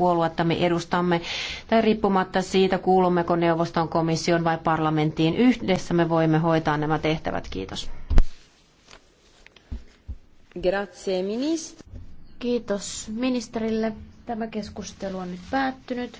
puoluetta me edustamme, tai riippumatta siitä, kuulummeko neuvoston komission vai parlamenttiin, yhdessä me voimme hoitaa nämä tehtävät. Kiitos. Grazie, ministeri. Kiitos ministerille. Tämä keskustelu on nyt päättynyt.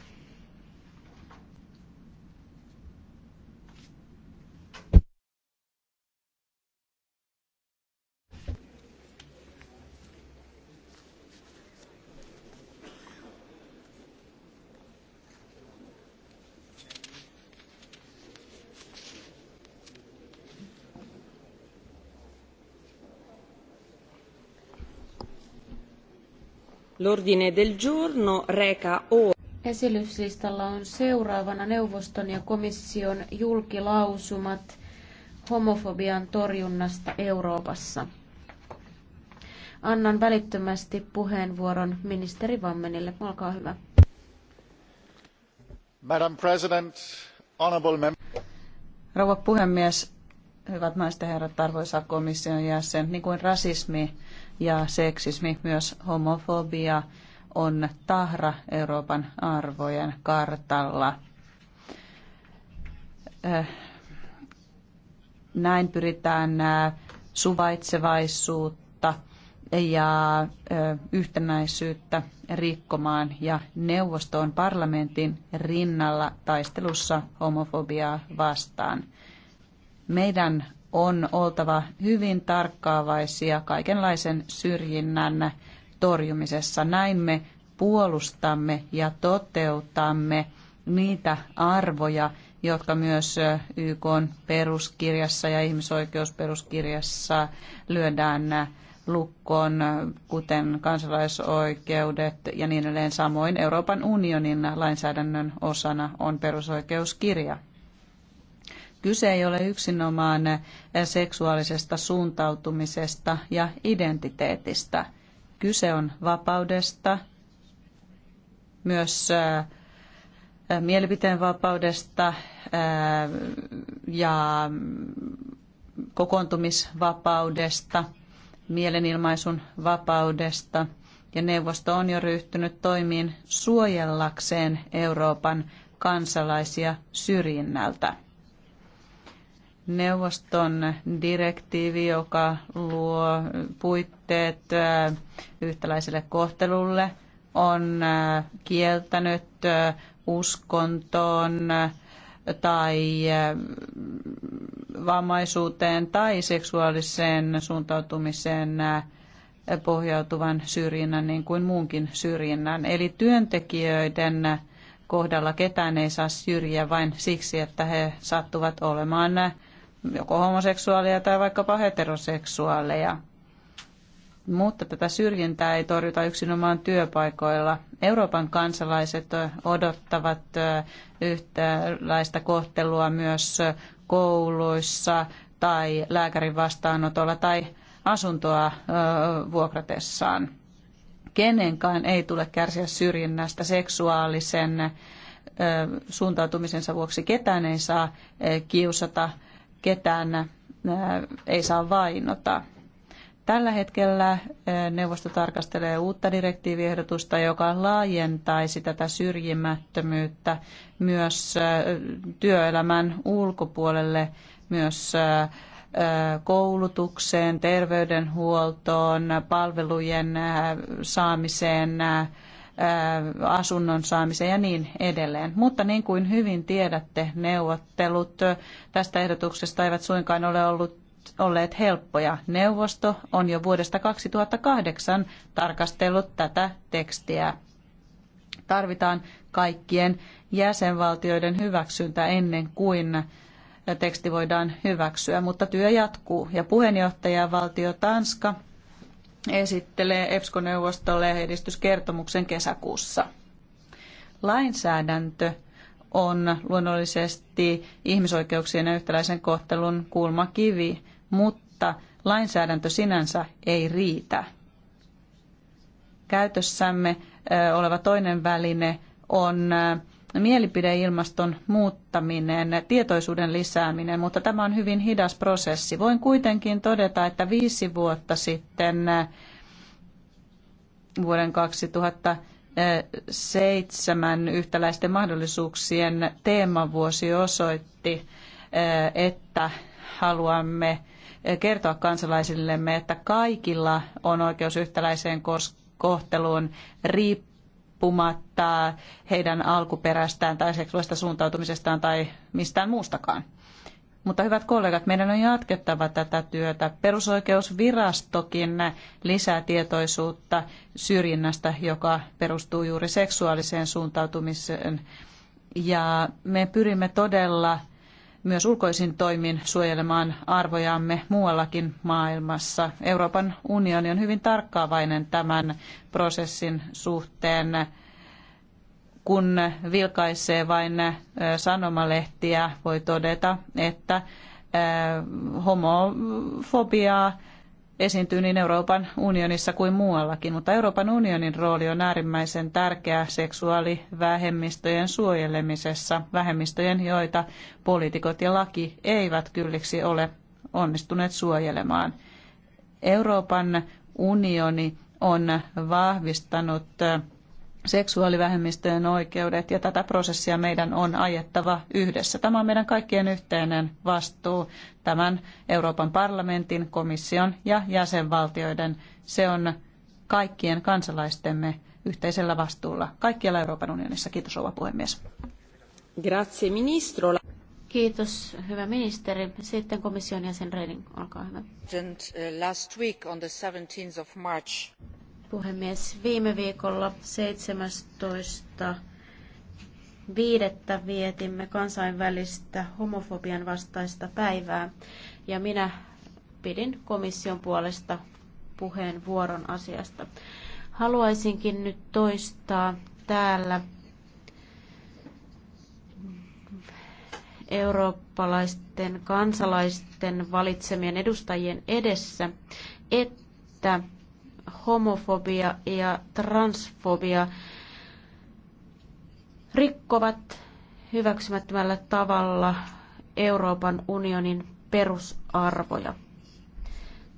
L'ordine del giorno reca o... Esityslistalla on seuraavana neuvoston ja komission julkilausumat homofobian torjunnasta Euroopassa. Annan välittömästi puheenvuoron ministeri Vammenille. Olkaa hyvä. Madam President, honorable member. Rouva puhemies, hyvät naiset ja herrat, arvoisa komission jäsen, niin kuin rasismi ja seksismi, myös homofobia on tahra Euroopan arvojen kartalla. Äh, näin pyritään äh, suvaitsevaisuutta ja äh, yhtenäisyyttä rikkomaan ja neuvostoon parlamentin rinnalla taistelussa homofobiaa vastaan. Meidän on oltava hyvin tarkkaavaisia kaikenlaisen syrjinnän torjumisessa. Näin me puolustamme ja toteutamme niitä arvoja, jotka myös YK peruskirjassa ja ihmisoikeusperuskirjassa lyödään lukkoon, kuten kansalaisoikeudet ja niin edelleen. Samoin Euroopan unionin lainsäädännön osana on perusoikeuskirja. Kyse ei ole yksinomaan seksuaalisesta suuntautumisesta ja identiteetistä. Kyse on vapaudesta, myös äh, mielipiteen vapaudesta äh, ja kokoontumisvapaudesta, mielenilmaisun vapaudesta. Ja neuvosto on jo ryhtynyt toimiin suojellakseen Euroopan kansalaisia syrjinnältä neuvoston direktiivi, joka luo puitteet yhtäläiselle kohtelulle, on kieltänyt uskontoon tai vammaisuuteen tai seksuaaliseen suuntautumiseen pohjautuvan syrjinnän niin kuin muunkin syrjinnän. Eli työntekijöiden kohdalla ketään ei saa syrjiä vain siksi, että he sattuvat olemaan joko homoseksuaaleja tai vaikkapa heteroseksuaaleja. Mutta tätä syrjintää ei torjuta yksinomaan työpaikoilla. Euroopan kansalaiset odottavat yhtäläistä kohtelua myös kouluissa tai lääkärin vastaanotolla tai asuntoa vuokratessaan. Kenenkään ei tule kärsiä syrjinnästä seksuaalisen suuntautumisensa vuoksi. Ketään ei saa kiusata ketään äh, ei saa vainota. Tällä hetkellä äh, neuvosto tarkastelee uutta direktiiviehdotusta, joka laajentaisi tätä syrjimättömyyttä myös äh, työelämän ulkopuolelle, myös koulutukseen, terveydenhuoltoon, palvelujen saamiseen, asunnon saamiseen ja niin edelleen. Mutta niin kuin hyvin tiedätte, neuvottelut tästä ehdotuksesta eivät suinkaan ole ollut olleet helppoja. Neuvosto on jo vuodesta 2008 tarkastellut tätä tekstiä. Tarvitaan kaikkien jäsenvaltioiden hyväksyntä ennen kuin teksti voidaan hyväksyä, mutta työ jatkuu. Ja puheenjohtajavaltio Tanska esittelee EPSCO-neuvostolle edistyskertomuksen kesäkuussa. Lainsäädäntö on luonnollisesti ihmisoikeuksien ja yhtäläisen kohtelun kulmakivi, mutta lainsäädäntö sinänsä ei riitä. Käytössämme oleva toinen väline on mielipideilmaston muuttaminen, tietoisuuden lisääminen, mutta tämä on hyvin hidas prosessi. Voin kuitenkin todeta, että viisi vuotta sitten vuoden 2000 seitsemän yhtäläisten mahdollisuuksien teemavuosi osoitti, että haluamme kertoa kansalaisillemme, että kaikilla on oikeus yhtäläiseen kohteluun riippumatta riippumatta heidän alkuperästään tai seksuaalista suuntautumisestaan tai mistään muustakaan. Mutta hyvät kollegat, meidän on jatkettava tätä työtä. Perusoikeusvirastokin lisää tietoisuutta syrjinnästä, joka perustuu juuri seksuaaliseen suuntautumiseen. Ja me pyrimme todella myös ulkoisin toimin suojelemaan arvojamme muuallakin maailmassa. Euroopan unioni on hyvin tarkkaavainen tämän prosessin suhteen, kun vilkaisee vain sanomalehtiä, voi todeta, että homofobiaa esiintyy niin Euroopan unionissa kuin muuallakin, mutta Euroopan unionin rooli on äärimmäisen tärkeä seksuaalivähemmistöjen suojelemisessa, vähemmistöjen, joita poliitikot ja laki eivät kylliksi ole onnistuneet suojelemaan. Euroopan unioni on vahvistanut seksuaalivähemmistöjen oikeudet ja tätä prosessia meidän on ajettava yhdessä. Tämä on meidän kaikkien yhteinen vastuu tämän Euroopan parlamentin, komission ja jäsenvaltioiden. Se on kaikkien kansalaistemme yhteisellä vastuulla kaikkialla Euroopan unionissa. Kiitos rouva puhemies. Grazie ministro. Kiitos, hyvä ministeri. Sitten komission jäsen Reding, olkaa hyvä. Last week on the 17th of March puhemies. Viime viikolla 17 viidettä vietimme kansainvälistä homofobian vastaista päivää ja minä pidin komission puolesta puheenvuoron asiasta. Haluaisinkin nyt toistaa täällä eurooppalaisten kansalaisten valitsemien edustajien edessä, että homofobia ja transfobia rikkovat hyväksymättömällä tavalla Euroopan unionin perusarvoja.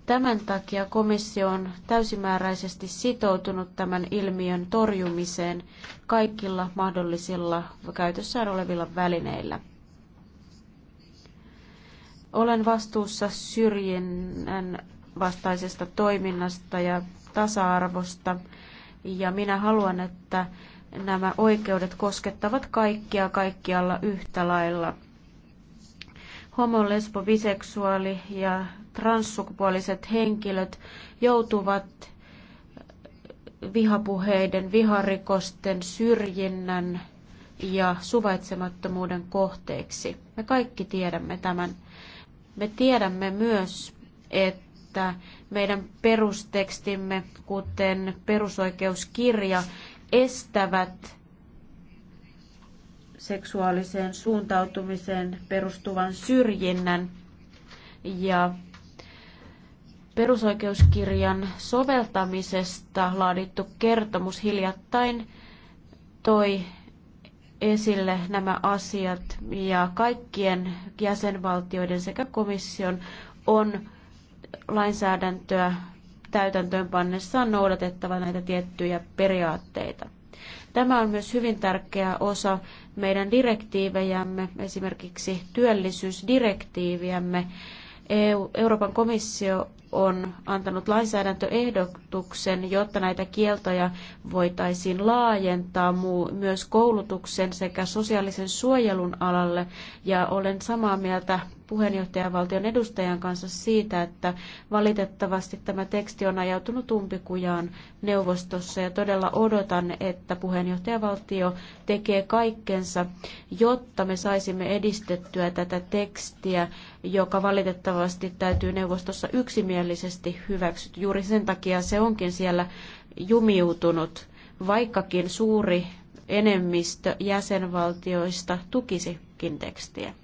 Tämän takia komissio on täysimääräisesti sitoutunut tämän ilmiön torjumiseen kaikilla mahdollisilla käytössään olevilla välineillä. Olen vastuussa syrjinnän vastaisesta toiminnasta ja tasa-arvosta. Ja minä haluan, että nämä oikeudet koskettavat kaikkia kaikkialla yhtä lailla. Homo, lesbo, biseksuaali ja transsukupuoliset henkilöt joutuvat vihapuheiden, viharikosten, syrjinnän ja suvaitsemattomuuden kohteeksi. Me kaikki tiedämme tämän. Me tiedämme myös, että että meidän perustekstimme, kuten perusoikeuskirja, estävät seksuaaliseen suuntautumiseen perustuvan syrjinnän ja perusoikeuskirjan soveltamisesta laadittu kertomus hiljattain toi esille nämä asiat ja kaikkien jäsenvaltioiden sekä komission on lainsäädäntöä täytäntöönpannessa on noudatettava näitä tiettyjä periaatteita. Tämä on myös hyvin tärkeä osa meidän direktiivejämme, esimerkiksi työllisyysdirektiiviämme. EU, Euroopan komissio on antanut lainsäädäntöehdotuksen, jotta näitä kieltoja voitaisiin laajentaa muu myös koulutuksen sekä sosiaalisen suojelun alalle. Ja olen samaa mieltä puheenjohtajavaltion edustajan kanssa siitä, että valitettavasti tämä teksti on ajautunut umpikujaan neuvostossa ja todella odotan, että puheenjohtajavaltio tekee kaikkensa, jotta me saisimme edistettyä tätä tekstiä, joka valitettavasti täytyy neuvostossa yksimielisesti hyväksyä. Juuri sen takia se onkin siellä jumiutunut, vaikkakin suuri enemmistö jäsenvaltioista tukisikin tekstiä.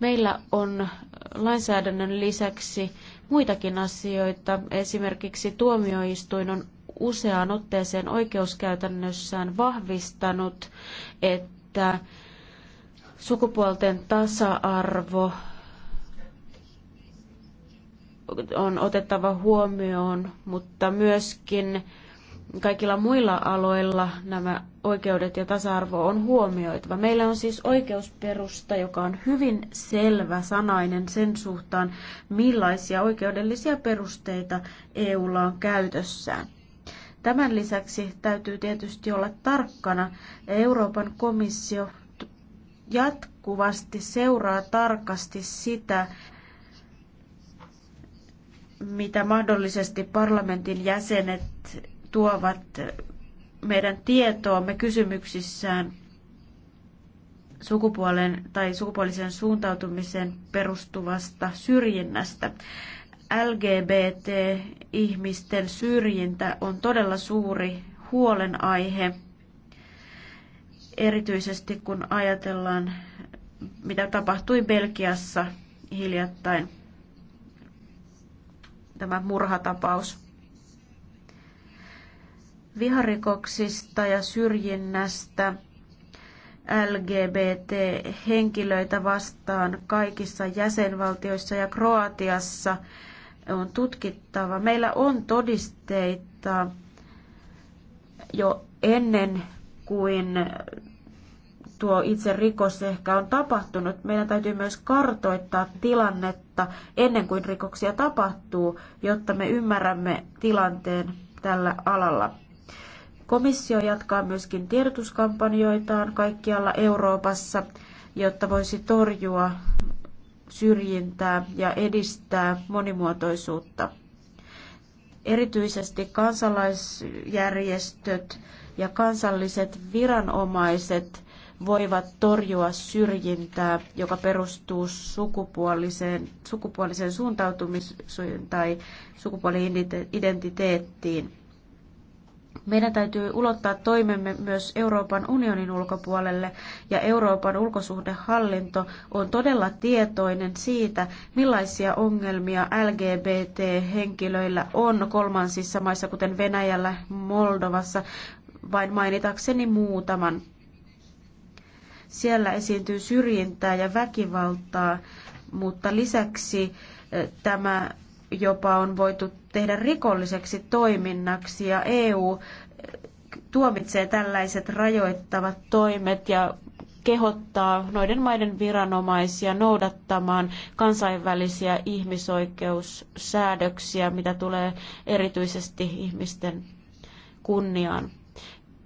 Meillä on lainsäädännön lisäksi muitakin asioita. Esimerkiksi tuomioistuin on useaan otteeseen oikeuskäytännössään vahvistanut, että sukupuolten tasa-arvo on otettava huomioon, mutta myöskin kaikilla muilla aloilla nämä oikeudet ja tasa-arvo on huomioitava. Meillä on siis oikeusperusta, joka on hyvin selvä sanainen sen suhtaan, millaisia oikeudellisia perusteita EUlla on käytössään. Tämän lisäksi täytyy tietysti olla tarkkana. Euroopan komissio jatkuvasti seuraa tarkasti sitä, mitä mahdollisesti parlamentin jäsenet tuovat meidän tietoomme kysymyksissään sukupuolen tai sukupuolisen suuntautumisen perustuvasta syrjinnästä. LGBT-ihmisten syrjintä on todella suuri huolenaihe, erityisesti kun ajatellaan, mitä tapahtui Belgiassa hiljattain, tämä murhatapaus viharikoksista ja syrjinnästä LGBT-henkilöitä vastaan kaikissa jäsenvaltioissa ja Kroatiassa on tutkittava. Meillä on todisteita jo ennen kuin tuo itse rikos ehkä on tapahtunut. Meidän täytyy myös kartoittaa tilannetta ennen kuin rikoksia tapahtuu, jotta me ymmärrämme tilanteen tällä alalla. Komissio jatkaa myöskin tiedotuskampanjoitaan kaikkialla Euroopassa, jotta voisi torjua syrjintää ja edistää monimuotoisuutta. Erityisesti kansalaisjärjestöt ja kansalliset viranomaiset voivat torjua syrjintää, joka perustuu sukupuoliseen, sukupuoliseen suuntautumiseen tai sukupuoli-identiteettiin. Meidän täytyy ulottaa toimemme myös Euroopan unionin ulkopuolelle ja Euroopan ulkosuhdehallinto on todella tietoinen siitä, millaisia ongelmia LGBT-henkilöillä on kolmansissa maissa, kuten Venäjällä, Moldovassa, vain mainitakseni muutaman. Siellä esiintyy syrjintää ja väkivaltaa, mutta lisäksi eh, tämä jopa on voitu tehdä rikolliseksi toiminnaksi ja EU tuomitsee tällaiset rajoittavat toimet ja kehottaa noiden maiden viranomaisia noudattamaan kansainvälisiä ihmisoikeussäädöksiä, mitä tulee erityisesti ihmisten kunniaan.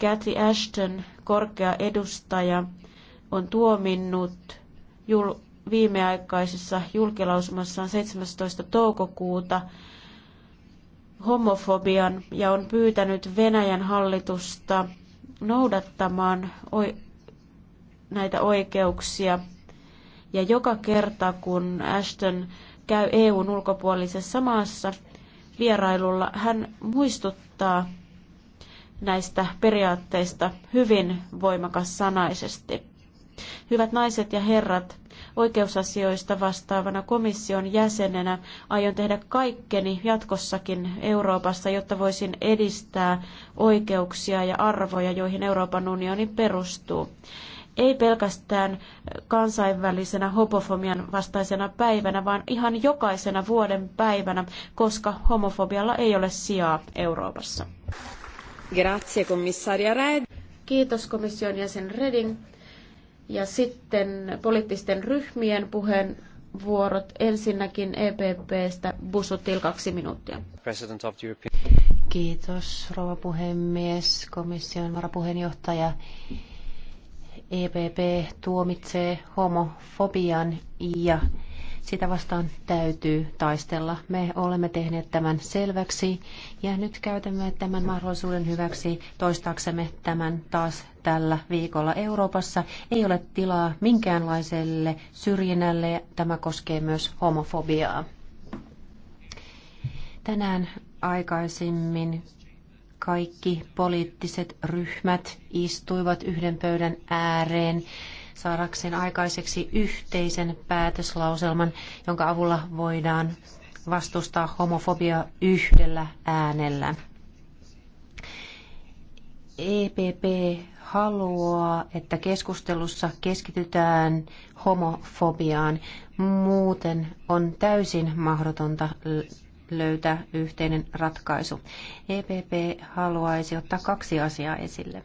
Cathy Ashton, korkea edustaja, on tuominnut jul- viimeaikaisessa julkilausumassaan 17. toukokuuta homofobian ja on pyytänyt Venäjän hallitusta noudattamaan näitä oikeuksia. Ja joka kerta, kun Ashton käy EUn ulkopuolisessa maassa vierailulla, hän muistuttaa näistä periaatteista hyvin voimakas sanaisesti. Hyvät naiset ja herrat, oikeusasioista vastaavana komission jäsenenä aion tehdä kaikkeni jatkossakin Euroopassa, jotta voisin edistää oikeuksia ja arvoja, joihin Euroopan unioni perustuu ei pelkästään kansainvälisenä homofobian vastaisena päivänä, vaan ihan jokaisena vuoden päivänä, koska homofobialla ei ole sijaa Euroopassa. Grazie, komissaria Red. Kiitos komission jäsen Reding. Ja sitten poliittisten ryhmien puheen vuorot. Ensinnäkin EPPstä Busutil kaksi minuuttia. Kiitos rouva puhemies, komission varapuheenjohtaja. EPP tuomitsee homofobian ja sitä vastaan täytyy taistella. Me olemme tehneet tämän selväksi ja nyt käytämme tämän mahdollisuuden hyväksi toistaaksemme tämän taas tällä viikolla. Euroopassa ei ole tilaa minkäänlaiselle syrjinnälle. Tämä koskee myös homofobiaa. Tänään aikaisemmin kaikki poliittiset ryhmät istuivat yhden pöydän ääreen saadakseen aikaiseksi yhteisen päätöslauselman, jonka avulla voidaan vastustaa homofobiaa yhdellä äänellä. EPP haluaa, että keskustelussa keskitytään homofobiaan. Muuten on täysin mahdotonta löytää yhteinen ratkaisu. EPP haluaisi ottaa kaksi asiaa esille.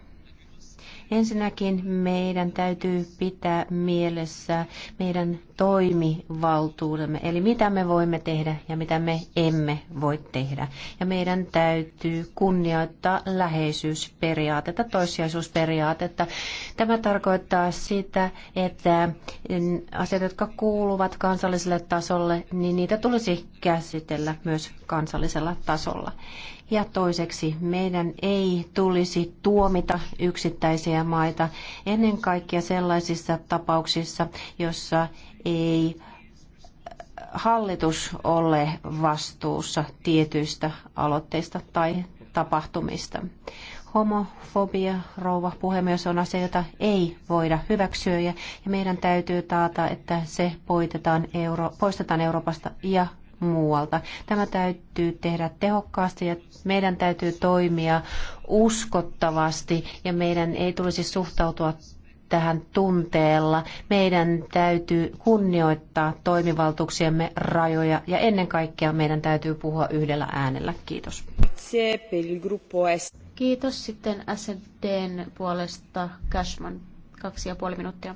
Ensinnäkin meidän täytyy pitää mielessä meidän toimivaltuudemme, eli mitä me voimme tehdä ja mitä me emme voi tehdä. Ja meidän täytyy kunnioittaa läheisyysperiaatetta, toissijaisuusperiaatetta. Tämä tarkoittaa sitä, että asiat, jotka kuuluvat kansalliselle tasolle, niin niitä tulisi käsitellä myös kansallisella tasolla. Ja toiseksi meidän ei tulisi tuomita yksittäisiä maita ennen kaikkea sellaisissa tapauksissa, jossa ei äh, hallitus ole vastuussa tietyistä aloitteista tai tapahtumista. Homofobia, rouva puhemies, on asia, jota ei voida hyväksyä ja meidän täytyy taata, että se poistetaan Euroopasta ja muualta. Tämä täytyy tehdä tehokkaasti ja meidän täytyy toimia uskottavasti ja meidän ei tulisi suhtautua tähän tunteella. Meidän täytyy kunnioittaa toimivaltuuksiemme rajoja ja ennen kaikkea meidän täytyy puhua yhdellä äänellä. Kiitos. Kiitos sitten SDn puolesta Cashman. Kaksi ja puoli minuuttia.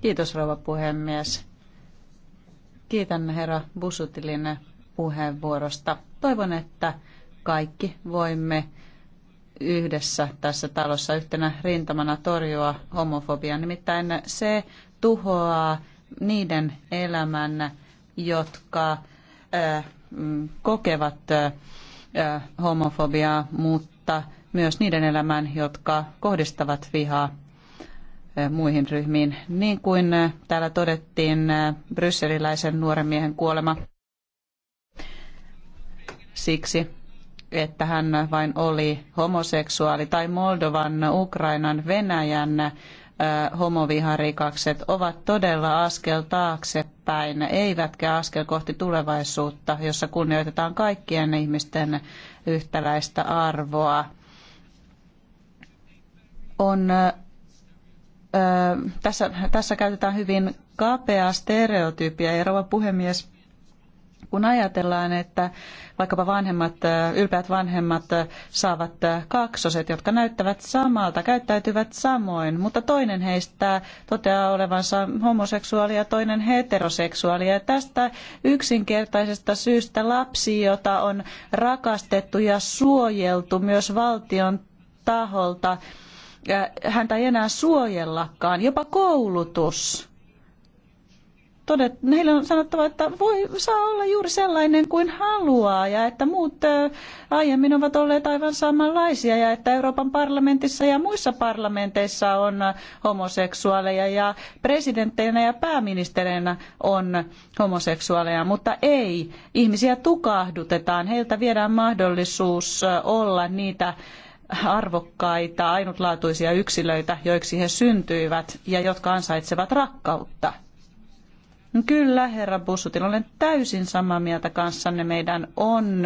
Kiitos rouva puhemies. Kiitän herra Busutilin puheenvuorosta. Toivon, että kaikki voimme yhdessä tässä talossa yhtenä rintamana torjua homofobiaa. Nimittäin se tuhoaa niiden elämän, jotka äh, kokevat äh, homofobiaa, mutta myös niiden elämän, jotka kohdistavat vihaa muihin ryhmiin. Niin kuin täällä todettiin, brysseliläisen nuoren miehen kuolema siksi, että hän vain oli homoseksuaali, tai Moldovan, Ukrainan, Venäjän homoviharikakset ovat todella askel taaksepäin, eivätkä askel kohti tulevaisuutta, jossa kunnioitetaan kaikkien ihmisten yhtäläistä arvoa. On tässä, tässä käytetään hyvin kapeaa stereotypia. Ja rouva puhemies, kun ajatellaan, että vaikkapa vanhemmat, ylpeät vanhemmat saavat kaksoset, jotka näyttävät samalta, käyttäytyvät samoin, mutta toinen heistä toteaa olevansa homoseksuaali ja toinen heteroseksuaali. Ja tästä yksinkertaisesta syystä lapsi, jota on rakastettu ja suojeltu myös valtion taholta, Äh, häntä ei enää suojellakaan, jopa koulutus. Todet, heille on sanottava, että voi saa olla juuri sellainen kuin haluaa ja että muut äh, aiemmin ovat olleet aivan samanlaisia ja että Euroopan parlamentissa ja muissa parlamenteissa on äh, homoseksuaaleja ja presidentteinä ja pääministerinä on homoseksuaaleja, mutta ei. Ihmisiä tukahdutetaan, heiltä viedään mahdollisuus olla niitä arvokkaita, ainutlaatuisia yksilöitä, joiksi he syntyivät ja jotka ansaitsevat rakkautta. Kyllä, herra Bussutil, olen täysin samaa mieltä kanssanne. Meidän on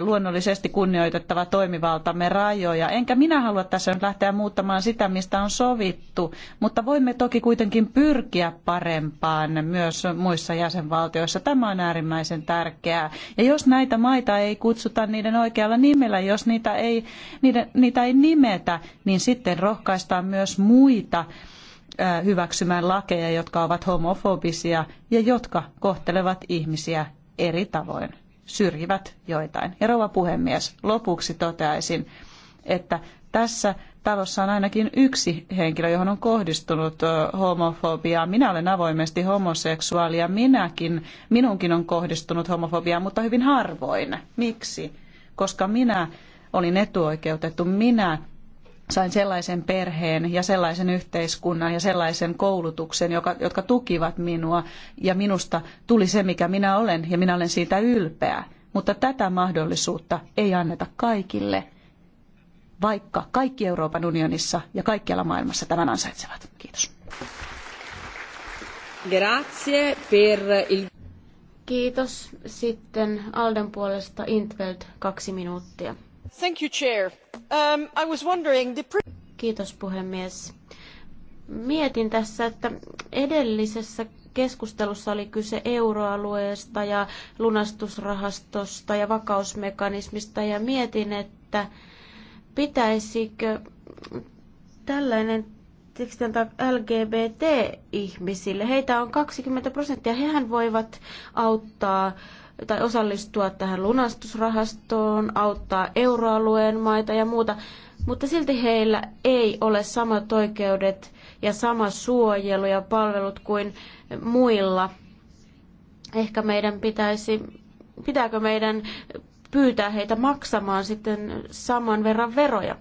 luonnollisesti kunnioitettava toimivaltamme rajoja. Enkä minä halua tässä nyt lähteä muuttamaan sitä, mistä on sovittu, mutta voimme toki kuitenkin pyrkiä parempaan myös muissa jäsenvaltioissa. Tämä on äärimmäisen tärkeää. Ja jos näitä maita ei kutsuta niiden oikealla nimellä, jos niitä ei, niitä ei nimetä, niin sitten rohkaistaan myös muita hyväksymään lakeja, jotka ovat homofobisia ja jotka kohtelevat ihmisiä eri tavoin syrjivät joitain. Ja rouva puhemies, lopuksi toteaisin, että tässä talossa on ainakin yksi henkilö, johon on kohdistunut homofobiaa. Minä olen avoimesti homoseksuaali ja minäkin, minunkin on kohdistunut homofobiaa, mutta hyvin harvoin. Miksi? Koska minä olin etuoikeutettu, minä sain sellaisen perheen ja sellaisen yhteiskunnan ja sellaisen koulutuksen, joka, jotka tukivat minua ja minusta tuli se, mikä minä olen ja minä olen siitä ylpeä. Mutta tätä mahdollisuutta ei anneta kaikille, vaikka kaikki Euroopan unionissa ja kaikkialla maailmassa tämän ansaitsevat. Kiitos. Grazie per il... Kiitos. Sitten Alden puolesta Intveld kaksi minuuttia. Um, Kiitos puhemies. Mietin tässä, että edellisessä keskustelussa oli kyse euroalueesta ja lunastusrahastosta ja vakausmekanismista ja mietin, että pitäisikö tällainen teksti antaa LGBT-ihmisille. Heitä on 20 prosenttia. Hehän voivat auttaa tai osallistua tähän lunastusrahastoon, auttaa euroalueen maita ja muuta, mutta silti heillä ei ole samat oikeudet ja sama suojelu ja palvelut kuin muilla. Ehkä meidän pitäisi, pitääkö meidän pyytää heitä maksamaan sitten saman verran veroja?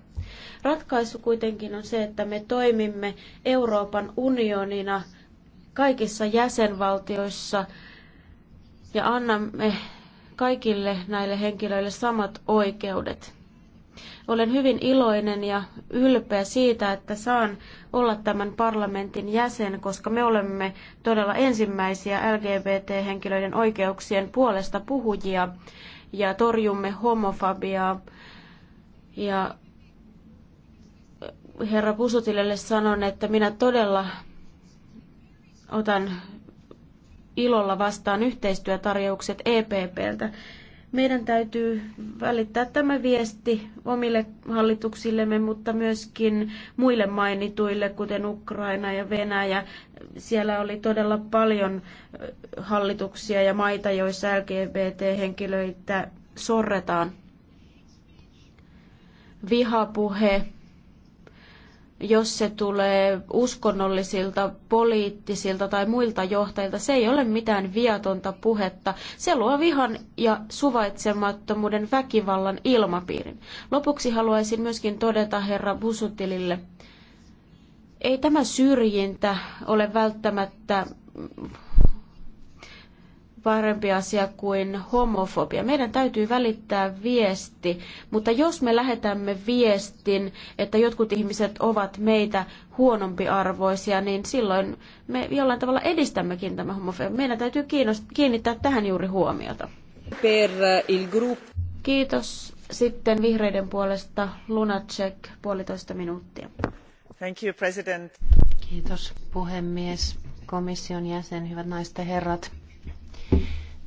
Ratkaisu kuitenkin on se, että me toimimme Euroopan unionina kaikissa jäsenvaltioissa – ja annamme kaikille näille henkilöille samat oikeudet. Olen hyvin iloinen ja ylpeä siitä, että saan olla tämän parlamentin jäsen, koska me olemme todella ensimmäisiä LGBT-henkilöiden oikeuksien puolesta puhujia ja torjumme homofabiaa. Ja herra Pusutilelle sanon, että minä todella otan ilolla vastaan yhteistyötarjoukset EPPltä. Meidän täytyy välittää tämä viesti omille hallituksillemme, mutta myöskin muille mainituille, kuten Ukraina ja Venäjä. Siellä oli todella paljon hallituksia ja maita, joissa LGBT-henkilöitä sorretaan. Vihapuhe jos se tulee uskonnollisilta, poliittisilta tai muilta johtajilta, se ei ole mitään viatonta puhetta. Se luo vihan ja suvaitsemattomuuden väkivallan ilmapiirin. Lopuksi haluaisin myöskin todeta herra Busutilille, ei tämä syrjintä ole välttämättä parempi asia kuin homofobia. Meidän täytyy välittää viesti, mutta jos me lähetämme viestin, että jotkut ihmiset ovat meitä huonompiarvoisia, niin silloin me jollain tavalla edistämmekin tämä homofobia. Meidän täytyy kiinnittää tähän juuri huomiota. Per il group. Kiitos. Sitten vihreiden puolesta Lunacek puolitoista minuuttia. Thank you, President. Kiitos puhemies komission jäsen, hyvät naiset ja herrat.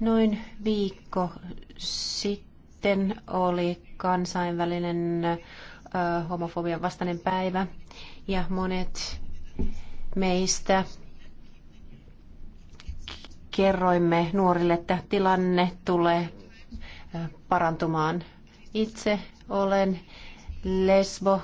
Noin viikko sitten oli kansainvälinen homofobian vastainen päivä ja monet meistä kerroimme nuorille, että tilanne tulee parantumaan. Itse olen lesbo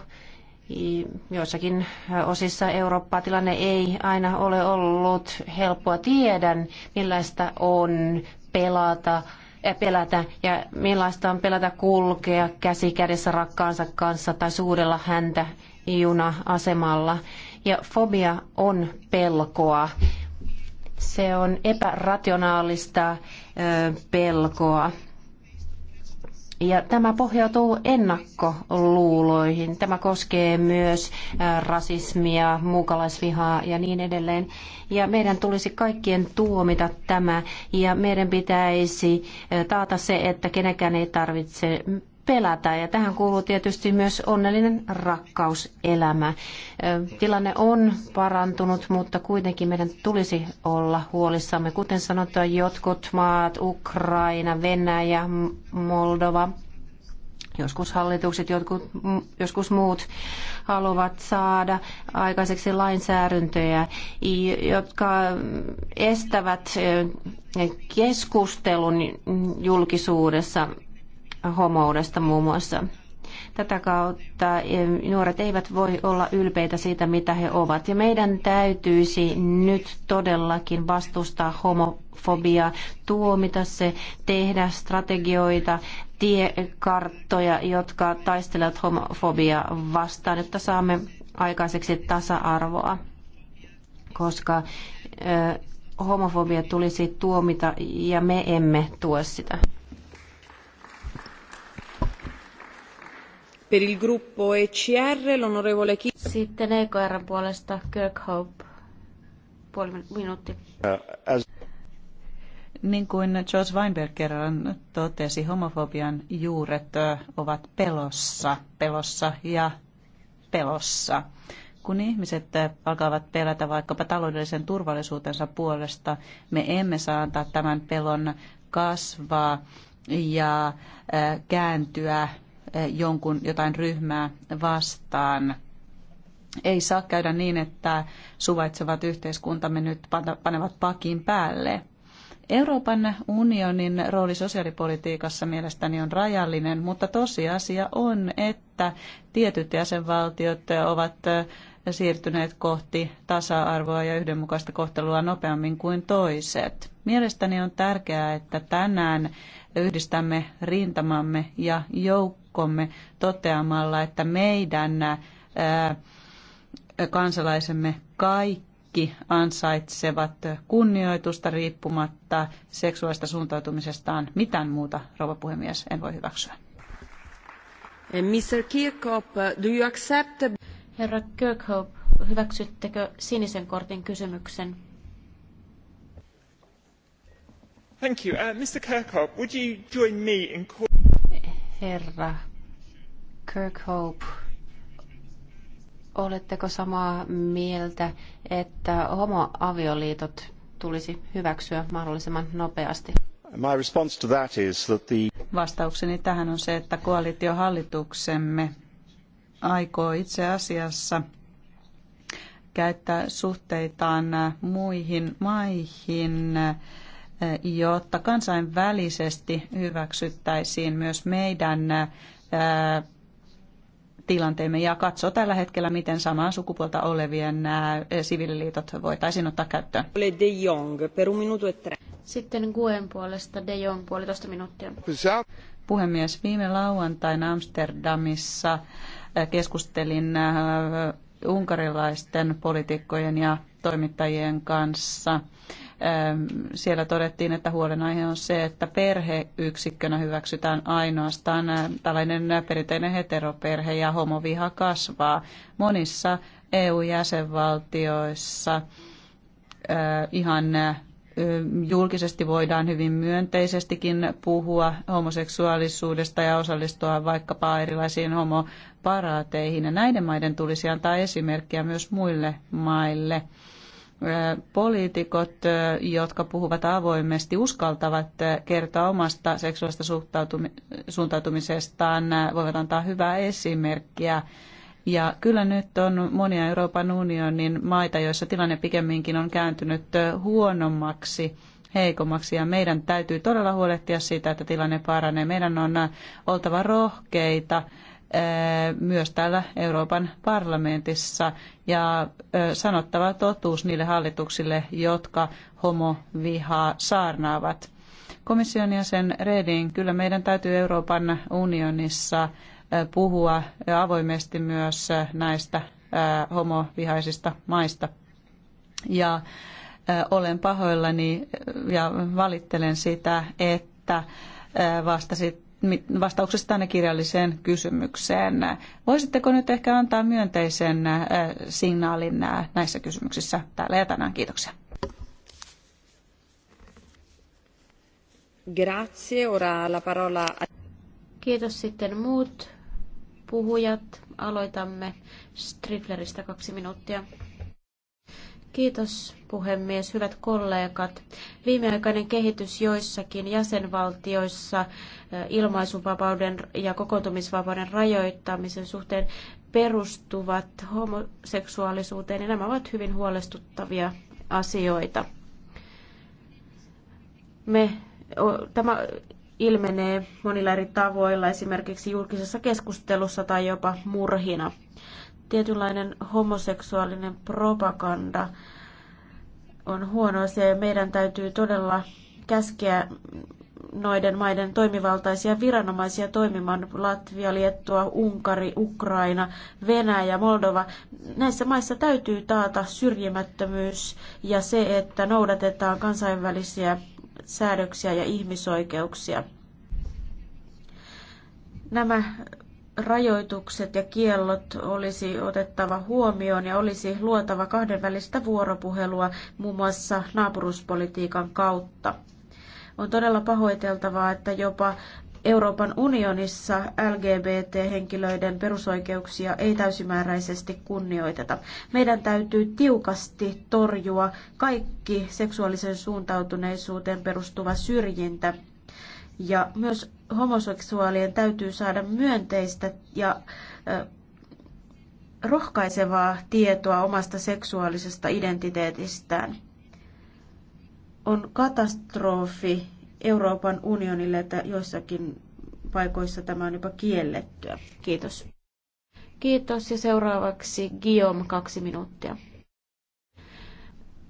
Joissakin osissa Eurooppaa tilanne ei aina ole ollut helppoa. Tiedän, millaista on pelata ja äh, pelätä ja millaista on pelätä kulkea käsi kädessä rakkaansa kanssa tai suudella häntä juna-asemalla. Ja fobia on pelkoa. Se on epärationaalista äh, pelkoa. Ja tämä pohjautuu ennakkoluuloihin. Tämä koskee myös äh, rasismia, muukalaisvihaa ja niin edelleen. Ja meidän tulisi kaikkien tuomita tämä ja meidän pitäisi äh, taata se, että kenenkään ei tarvitse pelätä. Ja tähän kuuluu tietysti myös onnellinen rakkauselämä. Tilanne on parantunut, mutta kuitenkin meidän tulisi olla huolissamme. Kuten sanottua, jotkut maat, Ukraina, Venäjä, Moldova, joskus hallitukset, jotkut, joskus muut haluavat saada aikaiseksi lainsäädäntöjä, jotka estävät keskustelun julkisuudessa homoudesta muun muassa. Tätä kautta eh, nuoret eivät voi olla ylpeitä siitä, mitä he ovat. Ja meidän täytyisi nyt todellakin vastustaa homofobiaa, tuomita se, tehdä strategioita, tiekarttoja, jotka taistelevat homofobiaa vastaan, jotta saamme aikaiseksi tasa-arvoa. Koska eh, homofobia tulisi tuomita ja me emme tue sitä. Per il gruppo ECR, l'onorevole Sitten EKR puolesta Kirkhope. Puoli minuuttia. Uh, niin kuin George Weinberg kerran totesi, homofobian juuret ovat pelossa, pelossa ja pelossa. Kun ihmiset alkavat pelätä vaikkapa taloudellisen turvallisuutensa puolesta, me emme saa antaa tämän pelon kasvaa ja kääntyä Eh, jonkun jotain ryhmää vastaan. Ei saa käydä niin, että suvaitsevat yhteiskuntamme nyt panevat pakin päälle. Euroopan unionin rooli sosiaalipolitiikassa mielestäni on rajallinen, mutta tosiasia on, että tietyt jäsenvaltiot ovat eh, siirtyneet kohti tasa-arvoa ja yhdenmukaista kohtelua nopeammin kuin toiset. Mielestäni on tärkeää, että tänään yhdistämme rintamamme ja joukkoon joukkomme toteamalla, että meidän kansalaisemme kaikki ansaitsevat kunnioitusta riippumatta seksuaalista suuntautumisestaan. Mitään muuta, rouva puhemies, en voi hyväksyä. Eh, Mr. Kirkhope, do you accept... Herra Kirkhope, hyväksyttekö sinisen kortin kysymyksen? Thank you. Uh, Mr. Kirkhope, would you join me in calling... Herra Kirkhope, oletteko samaa mieltä, että homoavioliitot tulisi hyväksyä mahdollisimman nopeasti? My response to that is that the... Vastaukseni tähän on se, että koalitiohallituksemme aikoo itse asiassa käyttää suhteitaan muihin maihin jotta kansainvälisesti hyväksyttäisiin myös meidän tilanteemme ja katsoo tällä hetkellä, miten samaa sukupuolta olevien siviililiitot voitaisiin ottaa käyttöön. De Jong, per un minuto e tre. Sitten Guen puolesta De Jong puolitoista minuuttia. Puhemies, viime lauantaina Amsterdamissa keskustelin unkarilaisten poliitikkojen ja toimittajien kanssa. Siellä todettiin, että huolenaihe on se, että perheyksikkönä hyväksytään ainoastaan tällainen perinteinen heteroperhe ja homoviha kasvaa monissa EU-jäsenvaltioissa ihan julkisesti voidaan hyvin myönteisestikin puhua homoseksuaalisuudesta ja osallistua vaikkapa erilaisiin homoparaateihin. Ja näiden maiden tulisi antaa esimerkkiä myös muille maille poliitikot, jotka puhuvat avoimesti, uskaltavat kertoa omasta seksuaalista suuntautumisestaan, voivat antaa hyvää esimerkkiä. Ja kyllä nyt on monia Euroopan unionin maita, joissa tilanne pikemminkin on kääntynyt huonommaksi heikommaksi ja meidän täytyy todella huolehtia siitä, että tilanne paranee. Meidän on oltava rohkeita myös täällä Euroopan parlamentissa ja sanottava totuus niille hallituksille, jotka homovihaa saarnaavat. Komission jäsen Redin, kyllä meidän täytyy Euroopan unionissa puhua avoimesti myös näistä homovihaisista maista. Ja olen pahoillani ja valittelen sitä, että vastasit vastauksesta tänne kirjalliseen kysymykseen. Voisitteko nyt ehkä antaa myönteisen äh, signaalin äh, näissä kysymyksissä täällä ja tänään? Kiitoksia. Grazie, ora la parola. Kiitos sitten muut puhujat. Aloitamme Striflerista kaksi minuuttia. Kiitos puhemies, hyvät kollegat. Viimeaikainen kehitys joissakin jäsenvaltioissa ilmaisuvapauden ja kokoontumisvapauden rajoittamisen suhteen perustuvat homoseksuaalisuuteen, ja nämä ovat hyvin huolestuttavia asioita. Me, tämä ilmenee monilla eri tavoilla, esimerkiksi julkisessa keskustelussa tai jopa murhina tietynlainen homoseksuaalinen propaganda on huono asia ja meidän täytyy todella käskeä noiden maiden toimivaltaisia viranomaisia toimimaan Latvia, Liettua, Unkari, Ukraina, Venäjä, Moldova. Näissä maissa täytyy taata syrjimättömyys ja se, että noudatetaan kansainvälisiä säädöksiä ja ihmisoikeuksia. Nämä rajoitukset ja kiellot olisi otettava huomioon ja olisi luotava kahdenvälistä vuoropuhelua muun muassa naapuruspolitiikan kautta. On todella pahoiteltavaa, että jopa Euroopan unionissa LGBT-henkilöiden perusoikeuksia ei täysimääräisesti kunnioiteta. Meidän täytyy tiukasti torjua kaikki seksuaalisen suuntautuneisuuteen perustuva syrjintä ja myös homoseksuaalien täytyy saada myönteistä ja rohkaisevaa tietoa omasta seksuaalisesta identiteetistään. On katastrofi Euroopan unionille, että joissakin paikoissa tämä on jopa kiellettyä. Kiitos. Kiitos ja seuraavaksi Guillaume kaksi minuuttia.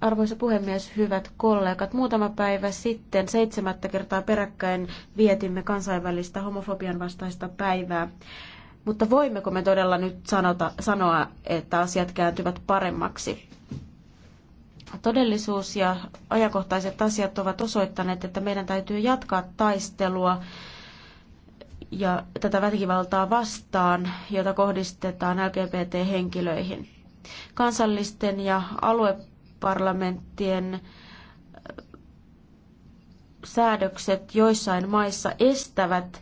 Arvoisa puhemies, hyvät kollegat, muutama päivä sitten seitsemättä kertaa peräkkäin vietimme kansainvälistä homofobian vastaista päivää. Mutta voimmeko me todella nyt sanota, sanoa, että asiat kääntyvät paremmaksi? Todellisuus ja ajankohtaiset asiat ovat osoittaneet, että meidän täytyy jatkaa taistelua ja tätä väkivaltaa vastaan, jota kohdistetaan LGBT-henkilöihin. Kansallisten ja alue parlamenttien äh, säädökset joissain maissa estävät äh,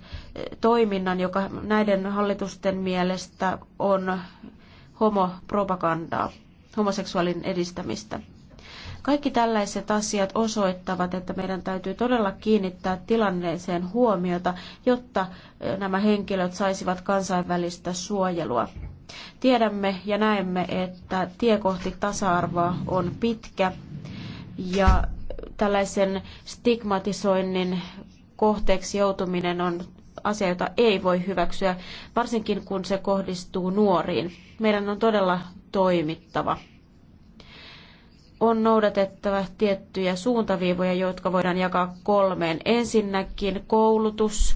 toiminnan, joka näiden hallitusten mielestä on homopropagandaa, homoseksuaalin edistämistä. Kaikki tällaiset asiat osoittavat, että meidän täytyy todella kiinnittää tilanneeseen huomiota, jotta äh, nämä henkilöt saisivat kansainvälistä suojelua. Tiedämme ja näemme, että tie kohti tasa-arvoa on pitkä ja tällaisen stigmatisoinnin kohteeksi joutuminen on asia, jota ei voi hyväksyä, varsinkin kun se kohdistuu nuoriin. Meidän on todella toimittava. On noudatettava tiettyjä suuntaviivoja, jotka voidaan jakaa kolmeen. Ensinnäkin koulutus,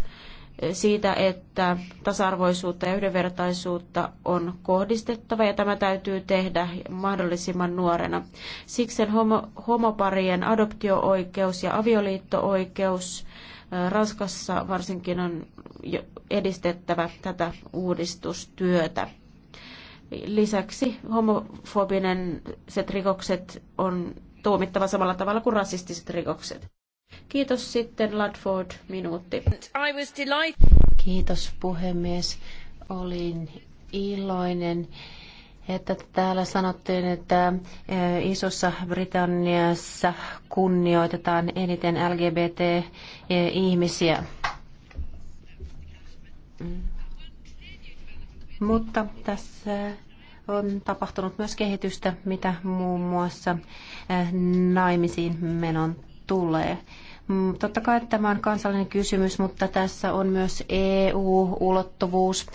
siitä, että tasa-arvoisuutta ja yhdenvertaisuutta on kohdistettava ja tämä täytyy tehdä mahdollisimman nuorena. Siksi homo, homoparien adoptio-oikeus ja avioliitto-oikeus Ranskassa varsinkin on edistettävä tätä uudistustyötä. Lisäksi homofobinen rikokset on tuomittava samalla tavalla kuin rasistiset rikokset. Kiitos sitten Ladford, minuutti. Kiitos puhemies. Olin iloinen, että täällä sanottiin, että e, Isossa Britanniassa kunnioitetaan eniten LGBT-ihmisiä. E, Mutta tässä on tapahtunut myös kehitystä, mitä muun muassa e, naimisiin menon tulee. Mm, totta kai tämä on kansallinen kysymys, mutta tässä on myös EU-ulottuvuus,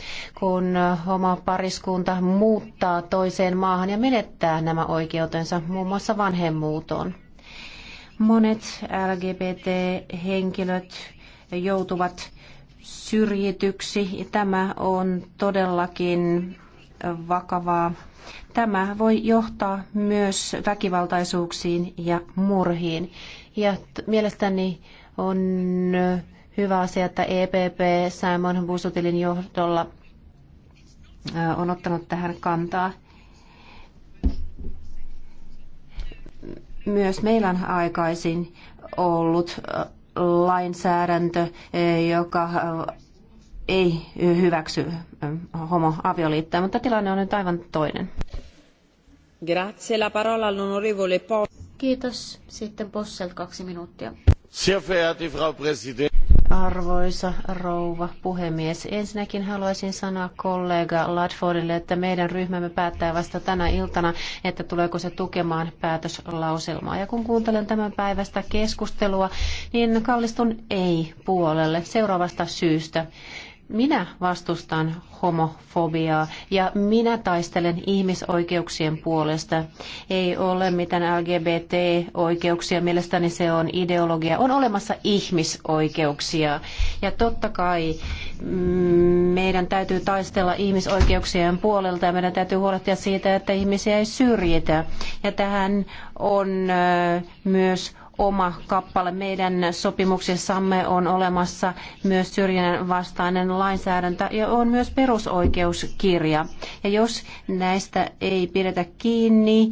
kun oma pariskunta muuttaa toiseen maahan ja menettää nämä oikeutensa muun muassa vanhemmuutoon. Monet LGBT-henkilöt joutuvat syrjityksi. Tämä on todellakin vakavaa. Tämä voi johtaa myös väkivaltaisuuksiin ja murhiin. Ja mielestäni on hyvä asia, että EPP Simon Busutilin johdolla äh, on ottanut tähän kantaa. Myös meillä on aikaisin ollut äh, lainsäädäntö, äh, joka ei hyväksy homoavioliittoja, mutta tilanne on nyt aivan toinen. Grazie la parola all'onorevole Paul. Kiitos. Sitten Bossel kaksi minuuttia. Arvoisa rouva puhemies, ensinnäkin haluaisin sanoa kollega Ladfordille, että meidän ryhmämme päättää vasta tänä iltana, että tuleeko se tukemaan päätöslauselmaa. Ja kun kuuntelen tämän päivästä keskustelua, niin kallistun ei-puolelle seuraavasta syystä. Minä vastustan homofobiaa ja minä taistelen ihmisoikeuksien puolesta. Ei ole mitään LGBT-oikeuksia, mielestäni se on ideologia. On olemassa ihmisoikeuksia ja totta kai mm, meidän täytyy taistella ihmisoikeuksien puolelta ja meidän täytyy huolehtia siitä, että ihmisiä ei syrjitä. Ja tähän on myös oma kappale. Meidän sopimuksessamme on olemassa myös syrjinnän vastainen lainsäädäntö ja on myös perusoikeuskirja. Ja jos näistä ei pidetä kiinni,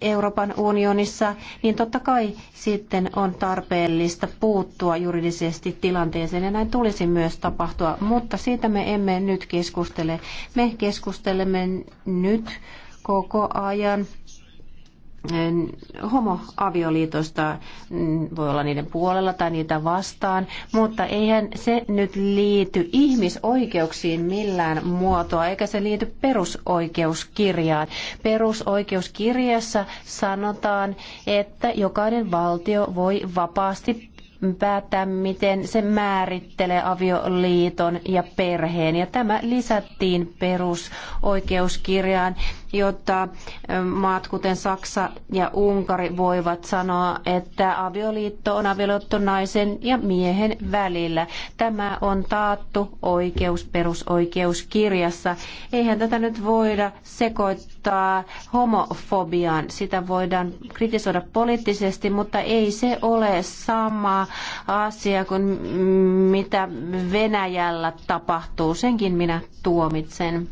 Euroopan unionissa, niin totta kai sitten on tarpeellista puuttua juridisesti tilanteeseen ja näin tulisi myös tapahtua, mutta siitä me emme nyt keskustele. Me keskustelemme nyt koko ajan homoavioliitosta voi olla niiden puolella tai niitä vastaan, mutta eihän se nyt liity ihmisoikeuksiin millään muotoa, eikä se liity perusoikeuskirjaan. Perusoikeuskirjassa sanotaan, että jokainen valtio voi vapaasti päättää, miten se määrittelee avioliiton ja perheen. Ja tämä lisättiin perusoikeuskirjaan jotta maat kuten Saksa ja Unkari voivat sanoa, että avioliitto on avioliitto naisen ja miehen välillä. Tämä on taattu oikeus perusoikeuskirjassa. Eihän tätä nyt voida sekoittaa homofobiaan. Sitä voidaan kritisoida poliittisesti, mutta ei se ole sama asia kuin mitä Venäjällä tapahtuu. Senkin minä tuomitsen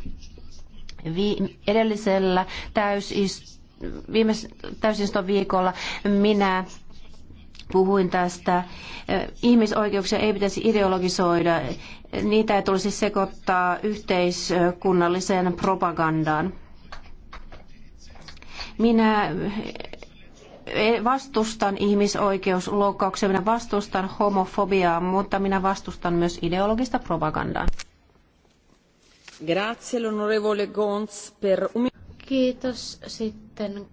edellisellä täysist- viikolla minä puhuin tästä. Eh, ihmisoikeuksia ei pitäisi ideologisoida, niitä ei tulisi sekoittaa yhteiskunnalliseen propagandaan. Minä eh, eh, vastustan ihmisoikeusloukkauksia, minä vastustan homofobiaa, mutta minä vastustan myös ideologista propagandaa. Grazie, l'onorevole Gons per un... Kiitos. Sitten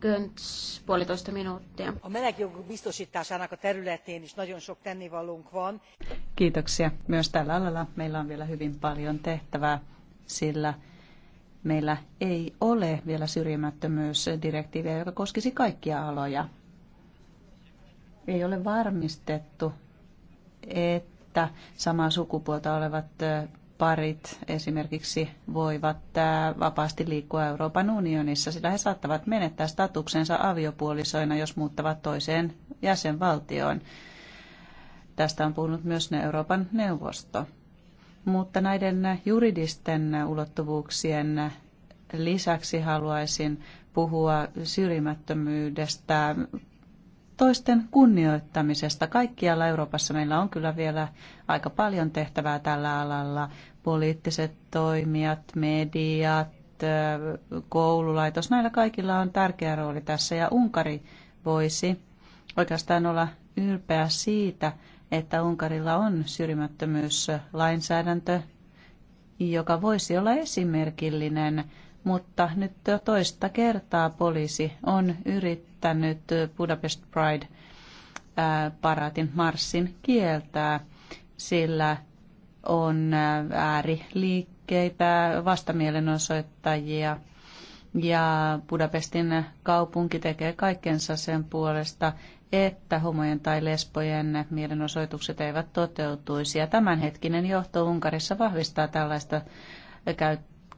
Gönts, puolitoista minuuttia. A melegjogi biztosításának a területén is nagyon sok tennivalónk van. Kiitoksia. Myös tällä alalla meillä on vielä hyvin paljon tehtävää, sillä meillä ei ole vielä syrjimättömyysdirektiiviä, joka koskisi kaikkia aloja. Ei ole varmistettu, että samaa sukupuolta olevat parit esimerkiksi voivat äh, vapaasti liikkua Euroopan unionissa, sillä he saattavat menettää statuksensa aviopuolisoina, jos muuttavat toiseen jäsenvaltioon. Tästä on puhunut myös ne Euroopan neuvosto. Mutta näiden juridisten ulottuvuuksien lisäksi haluaisin puhua syrjimättömyydestä, toisten kunnioittamisesta. Kaikkialla Euroopassa meillä on kyllä vielä aika paljon tehtävää tällä alalla, poliittiset toimijat, mediat, koululaitos, näillä kaikilla on tärkeä rooli tässä ja Unkari voisi oikeastaan olla ylpeä siitä, että Unkarilla on syrjimättömyyslainsäädäntö, joka voisi olla esimerkillinen, mutta nyt jo toista kertaa poliisi on yrittänyt Budapest Pride paraatin marssin kieltää, sillä on äh, ääriliikkeitä, vastamielenosoittajia ja Budapestin kaupunki tekee kaikkensa sen puolesta, että homojen tai lesbojen mielenosoitukset eivät toteutuisi. Ja tämänhetkinen johto Unkarissa vahvistaa tällaista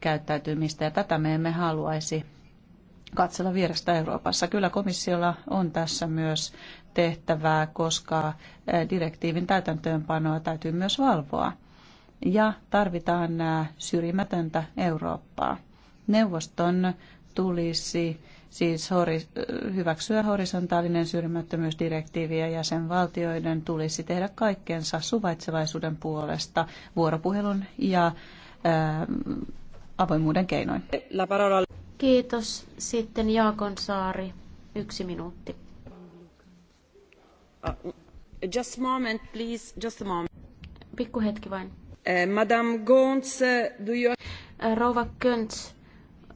käyttäytymistä ja tätä me emme haluaisi katsella vierestä Euroopassa. Kyllä komissiolla on tässä myös tehtävää, koska äh, direktiivin täytäntöönpanoa täytyy myös valvoa ja tarvitaan syrjimätöntä Eurooppaa. Neuvoston tulisi siis hyväksyä horisontaalinen syrjimättömyysdirektiivi ja jäsenvaltioiden tulisi tehdä kaikkensa suvaitsevaisuuden puolesta vuoropuhelun ja ää, avoimuuden keinoin. Kiitos. Sitten Jaakon Saari. Yksi minuutti. Uh, just a moment, please. Just a moment. Pikku hetki vain. Eh, Gons, eh, Rouva Könts,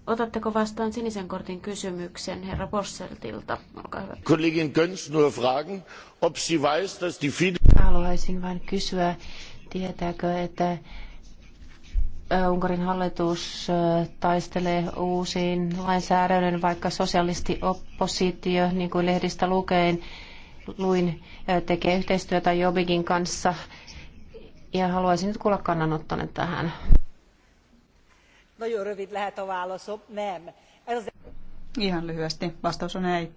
otatteko vastaan sinisen kortin kysymyksen herra Posseltilta? Olkaa hyvä. Kollegin Könts, nur fragen, ob sie weiß, dass die Fide... Haluaisin vain kysyä, tietääkö, että eh, Unkarin hallitus taistelee uusiin lainsäädännön, vaikka sosialistioppositio, niin kuin lehdistä lukein, luin, tekee yhteistyötä Jobikin kanssa ja haluaisin nyt kuulla kannanottone tähän. Nagyon rövid lehet a válaszom. Nem. Ihan lyhyesti. Vastaus on ei.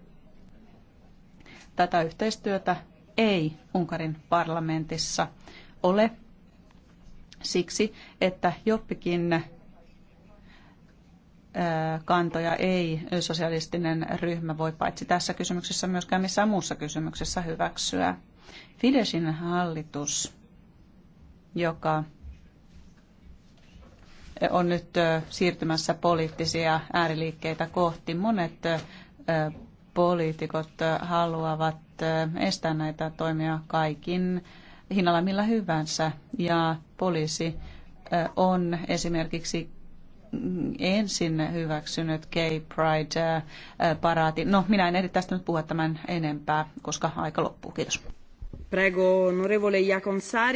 Tätä yhteistyötä ei Unkarin parlamentissa ole siksi, että joppikin kantoja ei sosialistinen ryhmä voi paitsi tässä kysymyksessä myöskään missään muussa kysymyksessä hyväksyä. Fidesin hallitus joka on nyt siirtymässä poliittisia ääriliikkeitä kohti. Monet poliitikot haluavat estää näitä toimia kaikin hinnalla millä hyvänsä. Ja poliisi on esimerkiksi ensin hyväksynyt Gay pride paraati. No, minä en ehdi tästä nyt puhua tämän enempää, koska aika loppuu. Kiitos. Prego, onorevole Jakonsari.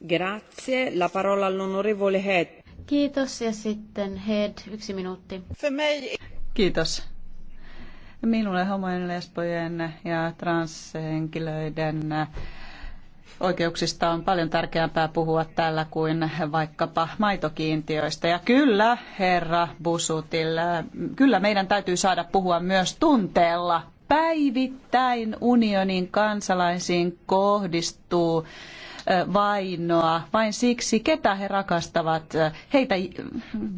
Grazie. La parola all'onorevole Head. Kiitos ja sitten Head, yksi minuutti. Kiitos. Minulle homojen, lesbojen ja transhenkilöiden oikeuksista on paljon tärkeämpää puhua täällä kuin vaikkapa maitokiintiöistä. Ja kyllä, herra Busutil, kyllä meidän täytyy saada puhua myös tunteella. Päivittäin unionin kansalaisiin kohdistuu vainoa vain siksi, ketä he rakastavat. Heitä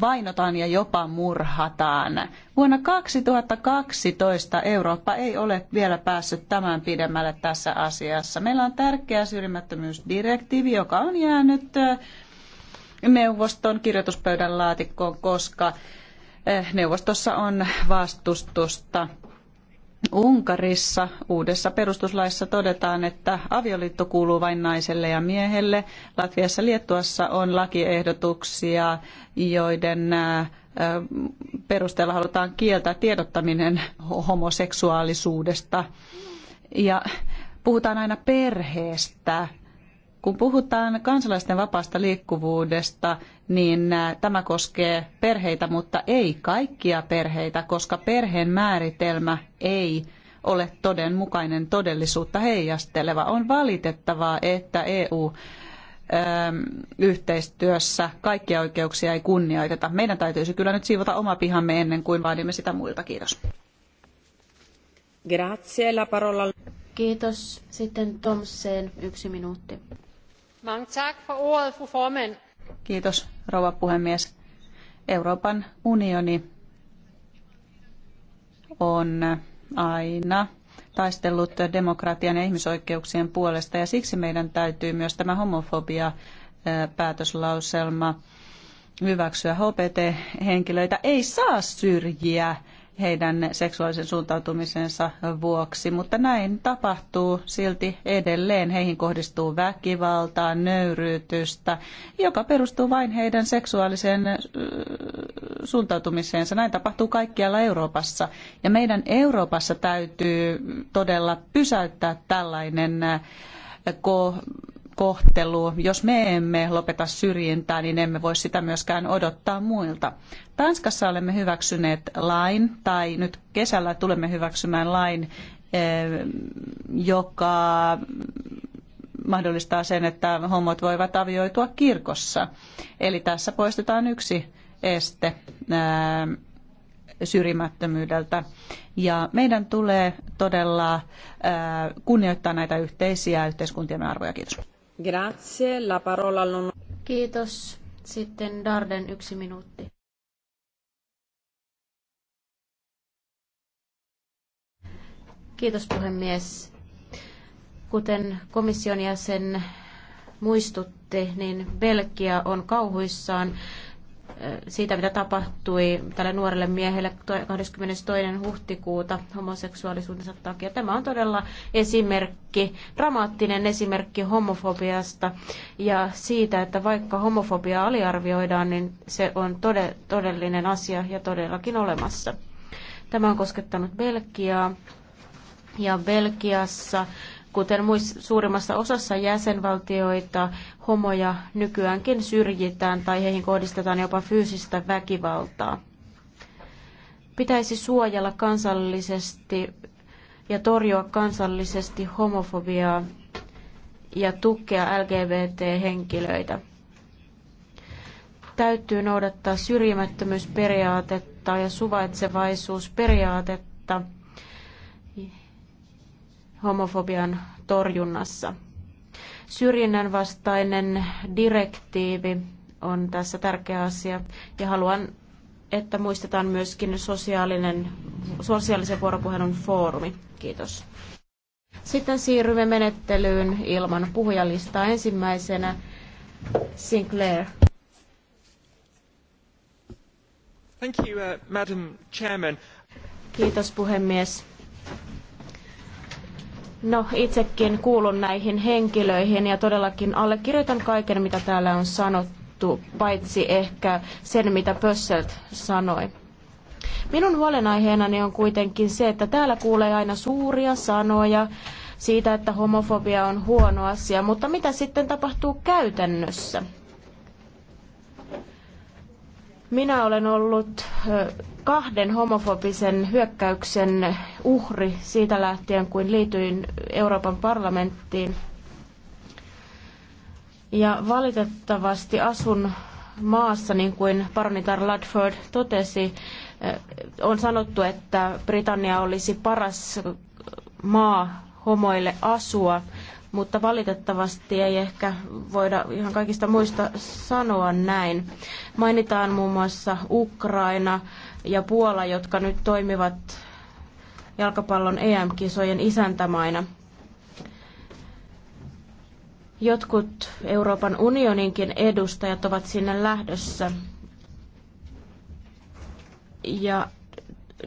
vainotaan ja jopa murhataan. Vuonna 2012 Eurooppa ei ole vielä päässyt tämän pidemmälle tässä asiassa. Meillä on tärkeä syrjimättömyysdirektiivi, joka on jäänyt äh, neuvoston kirjoituspöydän laatikkoon, koska äh, neuvostossa on vastustusta Unkarissa uudessa perustuslaissa todetaan, että avioliitto kuuluu vain naiselle ja miehelle. Latviassa Liettuassa on lakiehdotuksia, joiden äh, perusteella halutaan kieltää tiedottaminen homoseksuaalisuudesta. Ja puhutaan aina perheestä kun puhutaan kansalaisten vapaasta liikkuvuudesta, niin tämä koskee perheitä, mutta ei kaikkia perheitä, koska perheen määritelmä ei ole todenmukainen todellisuutta heijasteleva. On valitettavaa, että EU yhteistyössä kaikkia oikeuksia ei kunnioiteta. Meidän täytyisi kyllä nyt siivota oma pihamme ennen kuin vaadimme sitä muilta. Kiitos. Grazie, la parola. Kiitos. Sitten Tomseen yksi minuutti. Kiitos, rouva puhemies. Euroopan unioni on aina taistellut demokratian ja ihmisoikeuksien puolesta ja siksi meidän täytyy myös tämä homofobia päätöslauselma hyväksyä. hbt henkilöitä ei saa syrjiä heidän seksuaalisen suuntautumisensa vuoksi, mutta näin tapahtuu silti edelleen. Heihin kohdistuu väkivaltaa, nöyryytystä, joka perustuu vain heidän seksuaaliseen suuntautumiseensa. Näin tapahtuu kaikkialla Euroopassa. Ja meidän Euroopassa täytyy todella pysäyttää tällainen ko- kohtelu. Jos me emme lopeta syrjintää, niin emme voi sitä myöskään odottaa muilta. Tanskassa olemme hyväksyneet lain, tai nyt kesällä tulemme hyväksymään lain, eh, joka mahdollistaa sen, että homot voivat avioitua kirkossa. Eli tässä poistetaan yksi este eh, syrjimättömyydeltä. Ja meidän tulee todella eh, kunnioittaa näitä yhteisiä yhteiskuntiemme arvoja. Kiitos. Grazie. La parola on... Kiitos. Sitten Darden yksi minuutti. Kiitos puhemies. Kuten komission jäsen muistutti, niin Belgia on kauhuissaan siitä, mitä tapahtui tälle nuorelle miehelle 22. huhtikuuta homoseksuaalisuutensa takia. Tämä on todella esimerkki, dramaattinen esimerkki homofobiasta ja siitä, että vaikka homofobia aliarvioidaan, niin se on todellinen asia ja todellakin olemassa. Tämä on koskettanut Belgiaa ja Belgiassa Kuten muissa suurimmassa osassa jäsenvaltioita, homoja nykyäänkin syrjitään tai heihin kohdistetaan jopa fyysistä väkivaltaa. Pitäisi suojella kansallisesti ja torjua kansallisesti homofobiaa ja tukea LGBT-henkilöitä. Täytyy noudattaa syrjimättömyysperiaatetta ja suvaitsevaisuusperiaatetta homofobian torjunnassa. Syrjinnän vastainen direktiivi on tässä tärkeä asia ja haluan, että muistetaan myöskin sosiaalinen, sosiaalisen vuoropuhelun foorumi. Kiitos. Sitten siirrymme menettelyyn ilman puhujalistaa. Ensimmäisenä Sinclair. Thank you, uh, Madam Chairman. Kiitos puhemies. No, itsekin kuulun näihin henkilöihin ja todellakin allekirjoitan kaiken, mitä täällä on sanottu, paitsi ehkä sen, mitä Pösselt sanoi. Minun huolenaiheenani on kuitenkin se, että täällä kuulee aina suuria sanoja siitä, että homofobia on huono asia, mutta mitä sitten tapahtuu käytännössä? Minä olen ollut kahden homofobisen hyökkäyksen uhri siitä lähtien, kun liityin Euroopan parlamenttiin. Ja valitettavasti asun maassa, niin kuin paronitar Ludford totesi, eh, on sanottu, että Britannia olisi paras maa homoille asua, mutta valitettavasti ei ehkä voida ihan kaikista muista sanoa näin. Mainitaan muun muassa Ukraina, ja Puola, jotka nyt toimivat jalkapallon EM-kisojen isäntämaina. Jotkut Euroopan unioninkin edustajat ovat sinne lähdössä. Ja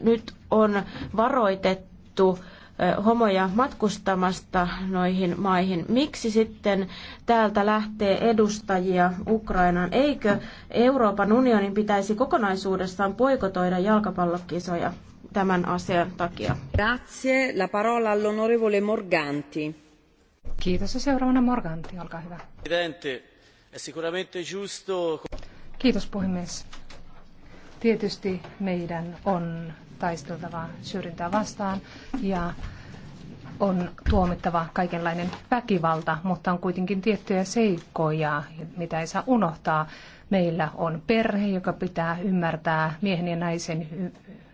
nyt on varoitettu homoja matkustamasta noihin maihin. Miksi sitten täältä lähtee edustajia Ukrainaan? Eikö Euroopan unionin pitäisi kokonaisuudessaan poikotoida jalkapallokisoja tämän asian takia? Grazie. La parola all'onorevole Morganti. Kiitos. Seuraavana Morganti, olkaa hyvä. Presidente, è sicuramente giusto. Kiitos puhemies. Tietysti meidän on taisteltava syrjintää vastaan ja on tuomittava kaikenlainen väkivalta, mutta on kuitenkin tiettyjä seikkoja, mitä ei saa unohtaa. Meillä on perhe, joka pitää ymmärtää miehen ja naisen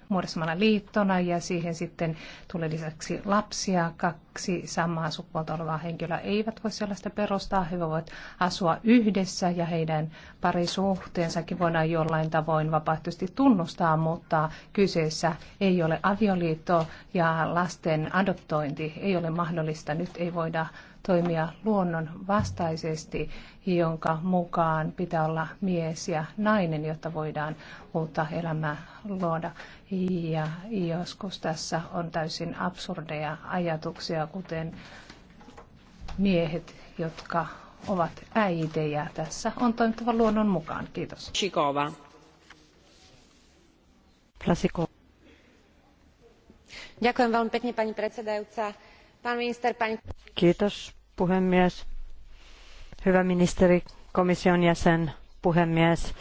muodostamana liittona ja siihen sitten tulee lisäksi lapsia. Kaksi samaa sukupuolta olevaa henkilöä eivät voi sellaista perustaa. He voivat asua yhdessä ja heidän parisuhteensakin voidaan jollain tavoin vapaaehtoisesti tunnustaa, mutta kyseessä ei ole avioliitto ja lasten adoptointi ei ole mahdollista. Nyt ei voida toimia luonnon vastaisesti, jonka mukaan pitää olla mies ja nainen, jotta voidaan uutta elämää luoda. Ja joskus tässä on täysin absurdeja ajatuksia, kuten miehet, jotka ovat äitejä. Tässä on toimittava luonnon mukaan. Kiitos. Chikova. Plasiko. Ďakujem veľmi pekne, pani predsedajúca. Pán minister, pani... Kiitos, puhemies. Hyvä ministeri, komission jäsen, puhemies.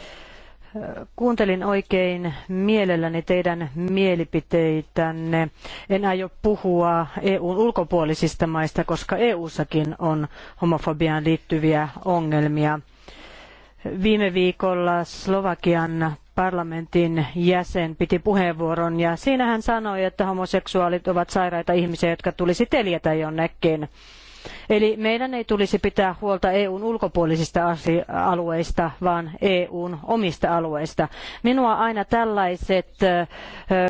Kuuntelin oikein mielelläni teidän mielipiteitänne. En aio puhua EUn ulkopuolisista maista, koska EUssakin on homofobiaan liittyviä ongelmia. Viime viikolla Slovakian parlamentin jäsen piti puheenvuoron ja siinä hän sanoi, että homoseksuaalit ovat sairaita ihmisiä, jotka tulisi teljetä jonnekin. Eli meidän ei tulisi pitää huolta EUn ulkopuolisista alueista, vaan EUn omista alueista. Minua aina tällaiset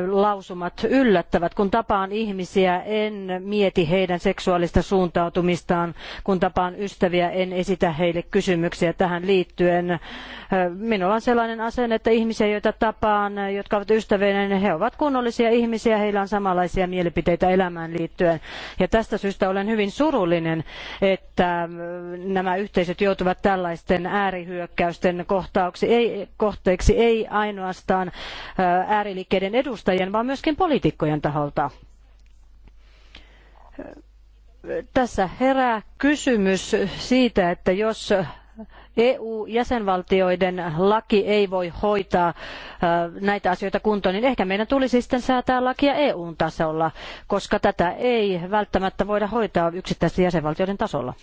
lausumat yllättävät. Kun tapaan ihmisiä, en mieti heidän seksuaalista suuntautumistaan. Kun tapaan ystäviä, en esitä heille kysymyksiä tähän liittyen. Minulla on sellainen asenne, että ihmisiä, joita tapaan, jotka ovat ystäviä, niin he ovat kunnollisia ihmisiä, heillä on samanlaisia mielipiteitä elämään liittyen. Ja tästä syystä olen hyvin surullinen tietoinen, että nämä yhteisöt joutuvat tällaisten äärihyökkäysten kohtauksi, ei, kohteeksi ei ainoastaan äh, ääriliikkeiden edustajien, vaan myöskin poliitikkojen taholta äh, tässä herää kysymys siitä, että jos EU-jäsenvaltioiden laki ei voi hoitaa äh, näitä asioita kuntoon, niin ehkä meidän tulisi sitten säätää lakia EU-tasolla, koska tätä ei välttämättä voida hoitaa yksittäisten jäsenvaltioiden tasolla.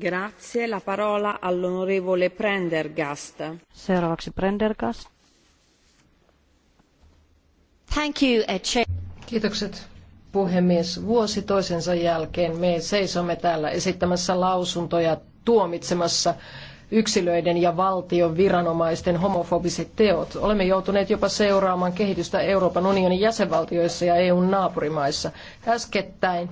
Grazie, la parola all'onorevole Prendergast. Seuraavaksi Prendergast. Thank you, uh, Kiitokset puhemies. Vuosi toisensa jälkeen me seisomme täällä esittämässä lausuntoja tuomitsemassa yksilöiden ja valtion viranomaisten homofobiset teot. Olemme joutuneet jopa seuraamaan kehitystä Euroopan unionin jäsenvaltioissa ja EUn naapurimaissa. Äskettäin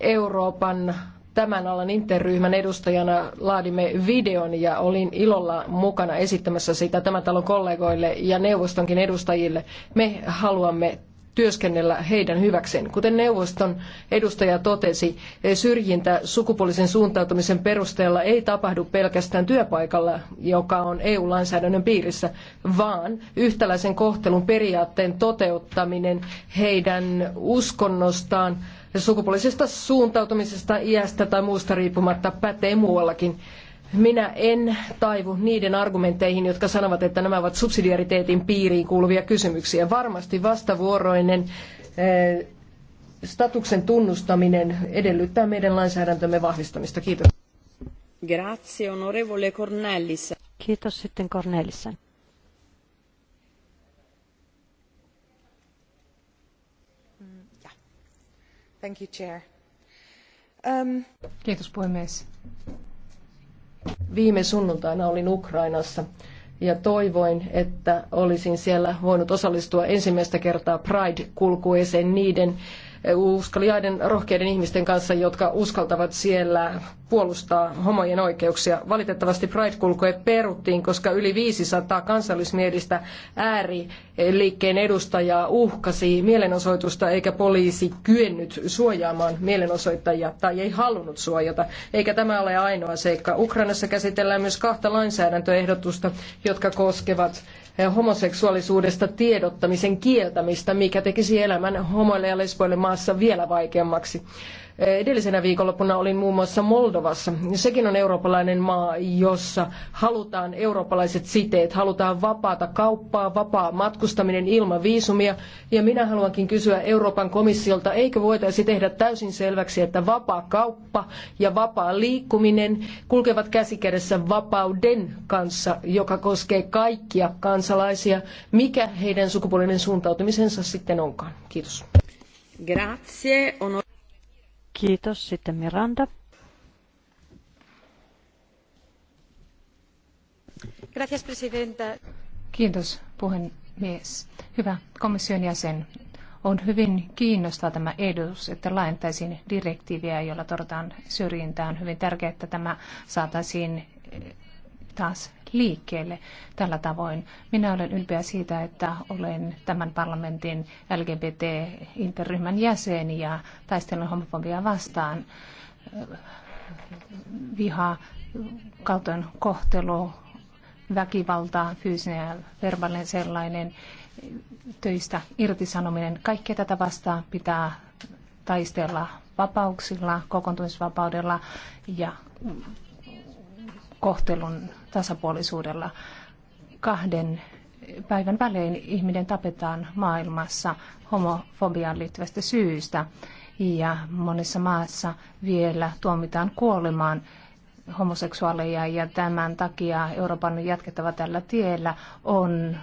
Euroopan tämän alan interryhmän edustajana laadimme videon ja olin ilolla mukana esittämässä sitä tämän talon kollegoille ja neuvostonkin edustajille. Me haluamme työskennellä heidän hyväkseen. Kuten neuvoston edustaja totesi, syrjintä sukupuolisen suuntautumisen perusteella ei tapahdu pelkästään työpaikalla, joka on EU-lainsäädännön piirissä, vaan yhtäläisen kohtelun periaatteen toteuttaminen heidän uskonnostaan, sukupuolisesta suuntautumisesta, iästä tai muusta riippumatta pätee muuallakin. Minä en taivu niiden argumentteihin, jotka sanovat, että nämä ovat subsidiariteetin piiriin kuuluvia kysymyksiä. Varmasti vastavuoroinen eh, statuksen tunnustaminen edellyttää meidän lainsäädäntömme vahvistamista. Kiitos. Grazie, onorevole Cornellis. Kiitos sitten Cornelissen. Thank you, Chair. Um... Kiitos puhemies. Viime sunnuntaina olin Ukrainassa ja toivoin, että olisin siellä voinut osallistua ensimmäistä kertaa Pride-kulkueeseen niiden uskaliaiden rohkeiden ihmisten kanssa, jotka uskaltavat siellä puolustaa homojen oikeuksia. Valitettavasti Pride-kulkue peruttiin, koska yli 500 kansallismielistä ääriliikkeen edustajaa uhkasi mielenosoitusta, eikä poliisi kyennyt suojaamaan mielenosoittajia tai ei halunnut suojata. Eikä tämä ole ainoa seikka. Ukrainassa käsitellään myös kahta lainsäädäntöehdotusta, jotka koskevat Eh, homoseksuaalisuudesta tiedottamisen kieltämistä, mikä tekisi elämän homoille ja lesboille maassa vielä vaikeammaksi. Edellisenä viikonloppuna olin muun muassa Moldovassa. Sekin on eurooppalainen maa, jossa halutaan eurooppalaiset siteet, halutaan vapaata kauppaa, vapaa matkustaminen ilman viisumia. Ja minä haluankin kysyä Euroopan komissiolta, eikö voitaisi tehdä täysin selväksi, että vapaa kauppa ja vapaa liikkuminen kulkevat käsikädessä vapauden kanssa, joka koskee kaikkia kansalaisia, mikä heidän sukupuolinen suuntautumisensa sitten onkaan. Kiitos. Grazie. Kiitos. Sitten Miranda. Gracias, presidenta. Kiitos, puhemies. Hyvä komission jäsen. On hyvin kiinnostaa tämä ehdotus, että laajentaisiin direktiiviä, jolla torjutaan syrjintää. On hyvin tärkeää, että tämä saataisiin eh, taas liikkeelle tällä tavoin. Minä olen ylpeä siitä, että olen tämän parlamentin LGBT-interryhmän jäsen ja taistelen homofobia vastaan. Viha, kaltoin kohtelu, väkivalta, fyysinen ja verbaalinen sellainen, töistä irtisanominen, kaikkea tätä vastaan pitää taistella vapauksilla, kokoontumisvapaudella ja kohtelun tasapuolisuudella. Kahden päivän välein ihminen tapetaan maailmassa homofobiaan liittyvästä syystä ja monessa maassa vielä tuomitaan kuolemaan homoseksuaaleja ja tämän takia Euroopan jatkettava tällä tiellä on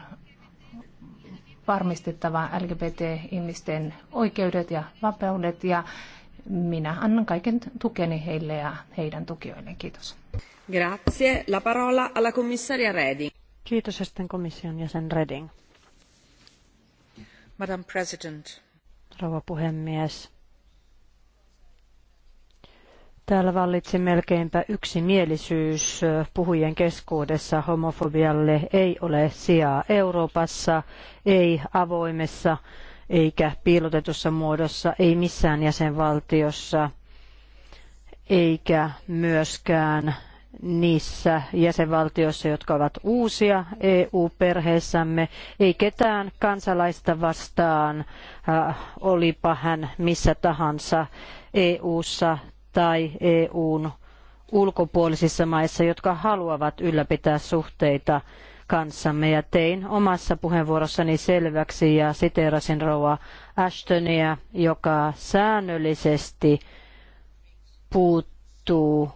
varmistettava LGBT-ihmisten oikeudet ja vapaudet ja minä annan kaiken tukeni heille ja heidän tukijoilleen. Kiitos. Grazie. La parola alla commissaria Reding. Kiitos sitten komission jäsen Reding. Madam President. Rouva puhemies. Täällä vallitsi melkeinpä yksimielisyys puhujien keskuudessa. Homofobialle ei ole sijaa Euroopassa, ei avoimessa eikä piilotetussa muodossa, ei missään jäsenvaltiossa, eikä myöskään niissä jäsenvaltioissa, jotka ovat uusia EU-perheessämme, ei ketään kansalaista vastaan, äh, olipa hän missä tahansa EU-ssa tai EUn ulkopuolisissa maissa, jotka haluavat ylläpitää suhteita kanssamme. Ja tein omassa puheenvuorossani selväksi ja siteerasin rouva Ashtonia, joka säännöllisesti puuttuu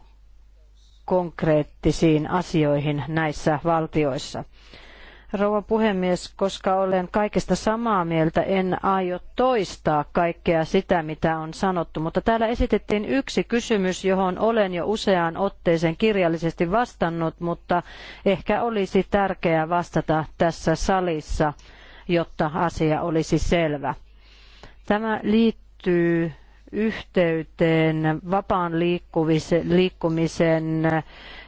konkreettisiin asioihin näissä valtioissa. Rouva puhemies, koska olen kaikesta samaa mieltä, en aio toistaa kaikkea sitä, mitä on sanottu, mutta täällä esitettiin yksi kysymys, johon olen jo useaan otteeseen kirjallisesti vastannut, mutta ehkä olisi tärkeää vastata tässä salissa, jotta asia olisi selvä. Tämä liittyy yhteyteen vapaan liikkumisen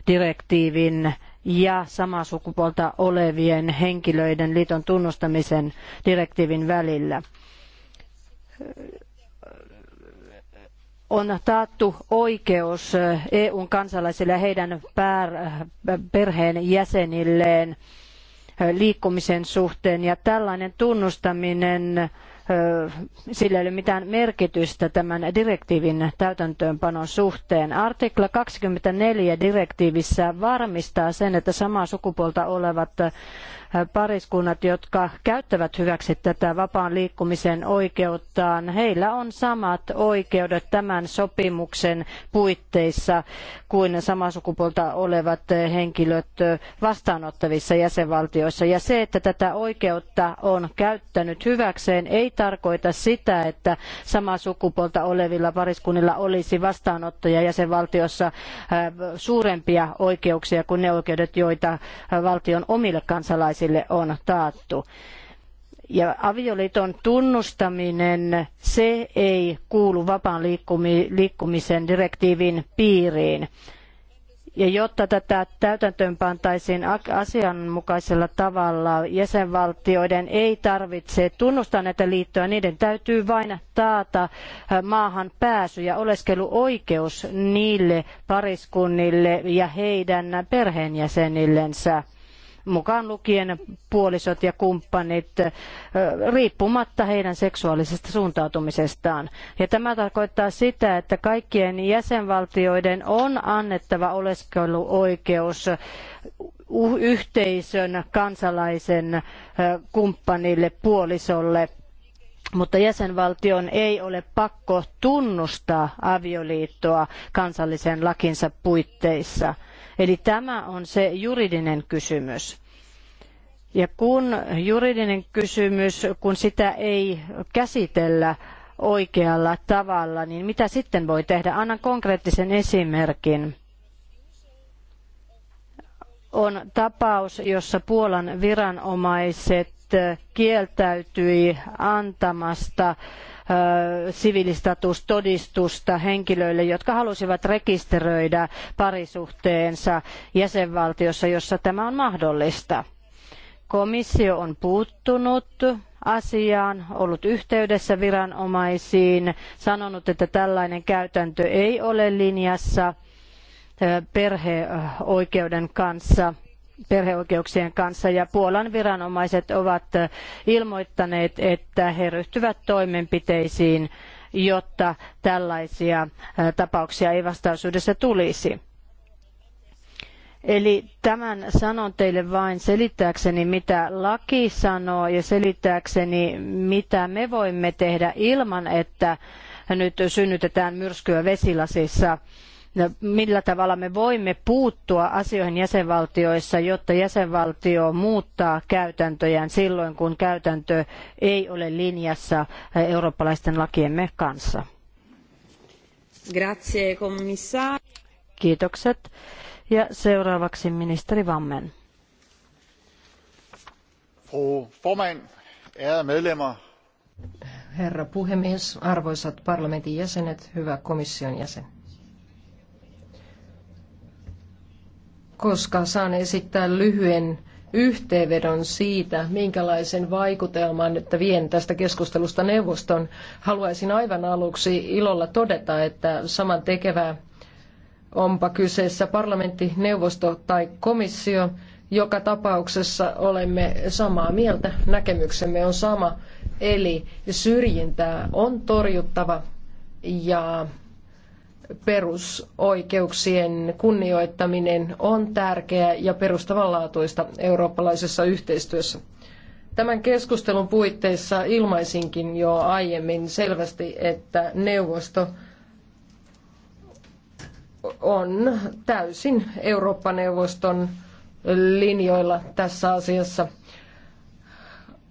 direktiivin ja samaa sukupuolta olevien henkilöiden liiton tunnustamisen direktiivin välillä on taattu oikeus EUn kansalaisille ja heidän perheen jäsenilleen liikkumisen suhteen ja tällainen tunnustaminen sillä ei ole mitään merkitystä tämän direktiivin täytäntöönpanon suhteen. Artikla 24 direktiivissä varmistaa sen, että samaa sukupuolta olevat pariskunnat, jotka käyttävät hyväksi tätä vapaan liikkumisen oikeuttaan, heillä on samat oikeudet tämän sopimuksen puitteissa kuin samaa sukupuolta olevat henkilöt vastaanottavissa jäsenvaltioissa. Ja se, että tätä oikeutta on käyttänyt hyväkseen, ei tarkoita sitä, että samaa sukupuolta olevilla pariskunnilla olisi vastaanottaja jäsenvaltiossa äh, suurempia oikeuksia kuin ne oikeudet, joita valtion omille kansalaisille naisille on taattu. Ja avioliiton tunnustaminen, se ei kuulu vapaan liikkumisen direktiivin piiriin. Ja jotta tätä täytäntöönpantaisiin asianmukaisella tavalla, jäsenvaltioiden ei tarvitse tunnustaa näitä liittoja, niiden täytyy vain taata äh, maahan pääsy ja oleskeluoikeus niille pariskunnille ja heidän perheenjäsenillensä mukaan lukien puolisot ja kumppanit, riippumatta heidän seksuaalisesta suuntautumisestaan. Ja tämä tarkoittaa sitä, että kaikkien jäsenvaltioiden on annettava oleskeluoikeus yhteisön kansalaisen kumppanille puolisolle mutta jäsenvaltion ei ole pakko tunnustaa avioliittoa kansallisen lakinsa puitteissa. Eli tämä on se juridinen kysymys. Ja kun juridinen kysymys, kun sitä ei käsitellä oikealla tavalla, niin mitä sitten voi tehdä? Annan konkreettisen esimerkin. On tapaus, jossa Puolan viranomaiset kieltäytyi antamasta siviilistatusta henkilöille, jotka halusivat rekisteröidä parisuhteensa jäsenvaltiossa, jossa tämä on mahdollista. Komissio on puuttunut asiaan, ollut yhteydessä viranomaisiin, sanonut, että tällainen käytäntö ei ole linjassa perheoikeuden kanssa – perheoikeuksien kanssa ja Puolan viranomaiset ovat ilmoittaneet, että he ryhtyvät toimenpiteisiin, jotta tällaisia tapauksia ei vastaisuudessa tulisi. Eli tämän sanon teille vain selittääkseni, mitä laki sanoo ja selittääkseni, mitä me voimme tehdä ilman, että nyt synnytetään myrskyä vesilasissa millä tavalla me voimme puuttua asioihin jäsenvaltioissa, jotta jäsenvaltio muuttaa käytäntöjään silloin, kun käytäntö ei ole linjassa eurooppalaisten lakiemme kanssa. Grazie, komissaari. Kiitokset. Ja seuraavaksi ministeri Vammen. Fru Herra puhemies, arvoisat parlamentin jäsenet, hyvä komission jäsen. koska saan esittää lyhyen yhteenvedon siitä, minkälaisen vaikutelman että vien tästä keskustelusta neuvoston. Haluaisin aivan aluksi ilolla todeta, että saman tekevää onpa kyseessä parlamentti, neuvosto tai komissio, joka tapauksessa olemme samaa mieltä, näkemyksemme on sama, eli syrjintää on torjuttava ja perusoikeuksien kunnioittaminen on tärkeää ja perustavanlaatuista eurooppalaisessa yhteistyössä. Tämän keskustelun puitteissa ilmaisinkin jo aiemmin selvästi, että neuvosto on täysin Eurooppa-neuvoston linjoilla tässä asiassa.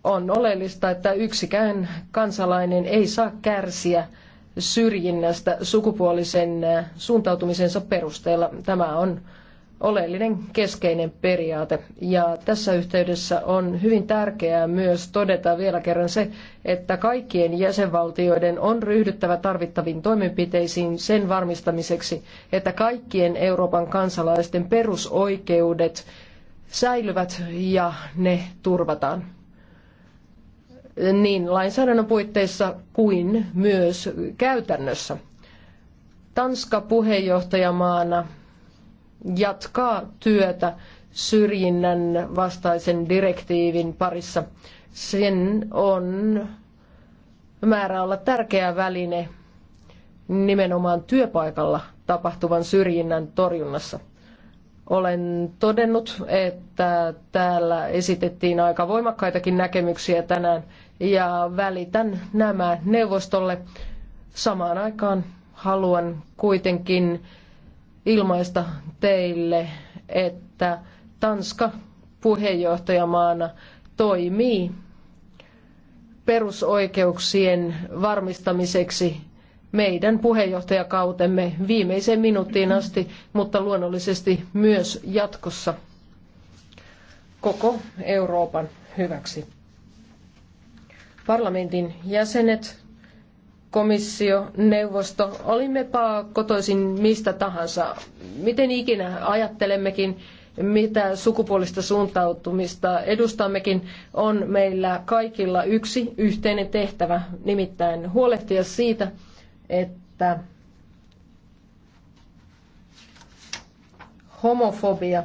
On oleellista, että yksikään kansalainen ei saa kärsiä – syrjinnästä sukupuolisen äh, suuntautumisensa perusteella. Tämä on oleellinen keskeinen periaate. Ja tässä yhteydessä on hyvin tärkeää myös todeta vielä kerran se, että kaikkien jäsenvaltioiden on ryhdyttävä tarvittaviin toimenpiteisiin sen varmistamiseksi, että kaikkien Euroopan kansalaisten perusoikeudet säilyvät ja ne turvataan niin lainsäädännön puitteissa kuin myös käytännössä. Tanska puheenjohtajamaana jatkaa työtä syrjinnän vastaisen direktiivin parissa. Sen on määrä olla tärkeä väline nimenomaan työpaikalla tapahtuvan syrjinnän torjunnassa. Olen todennut, että täällä esitettiin aika voimakkaitakin näkemyksiä tänään ja välitän nämä neuvostolle. Samaan aikaan haluan kuitenkin ilmaista teille, että Tanska puheenjohtajamaana toimii perusoikeuksien varmistamiseksi meidän puheenjohtajakautemme viimeiseen minuuttiin asti, mutta luonnollisesti myös jatkossa koko Euroopan hyväksi. Parlamentin jäsenet, komissio, neuvosto, olimmepa kotoisin mistä tahansa, miten ikinä ajattelemmekin, mitä sukupuolista suuntautumista edustammekin, on meillä kaikilla yksi yhteinen tehtävä, nimittäin huolehtia siitä, että homofobia,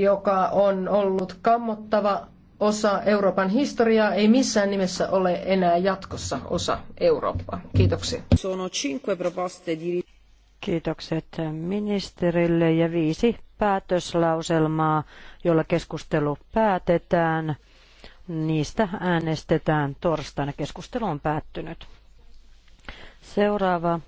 joka on ollut kammottava osa Euroopan historiaa, ei missään nimessä ole enää jatkossa osa Eurooppaa. Kiitoksia. Kiitokset ministerille ja viisi päätöslauselmaa, jolla keskustelu päätetään. Niistä äänestetään torstaina. Keskustelu on päättynyt. Seuraava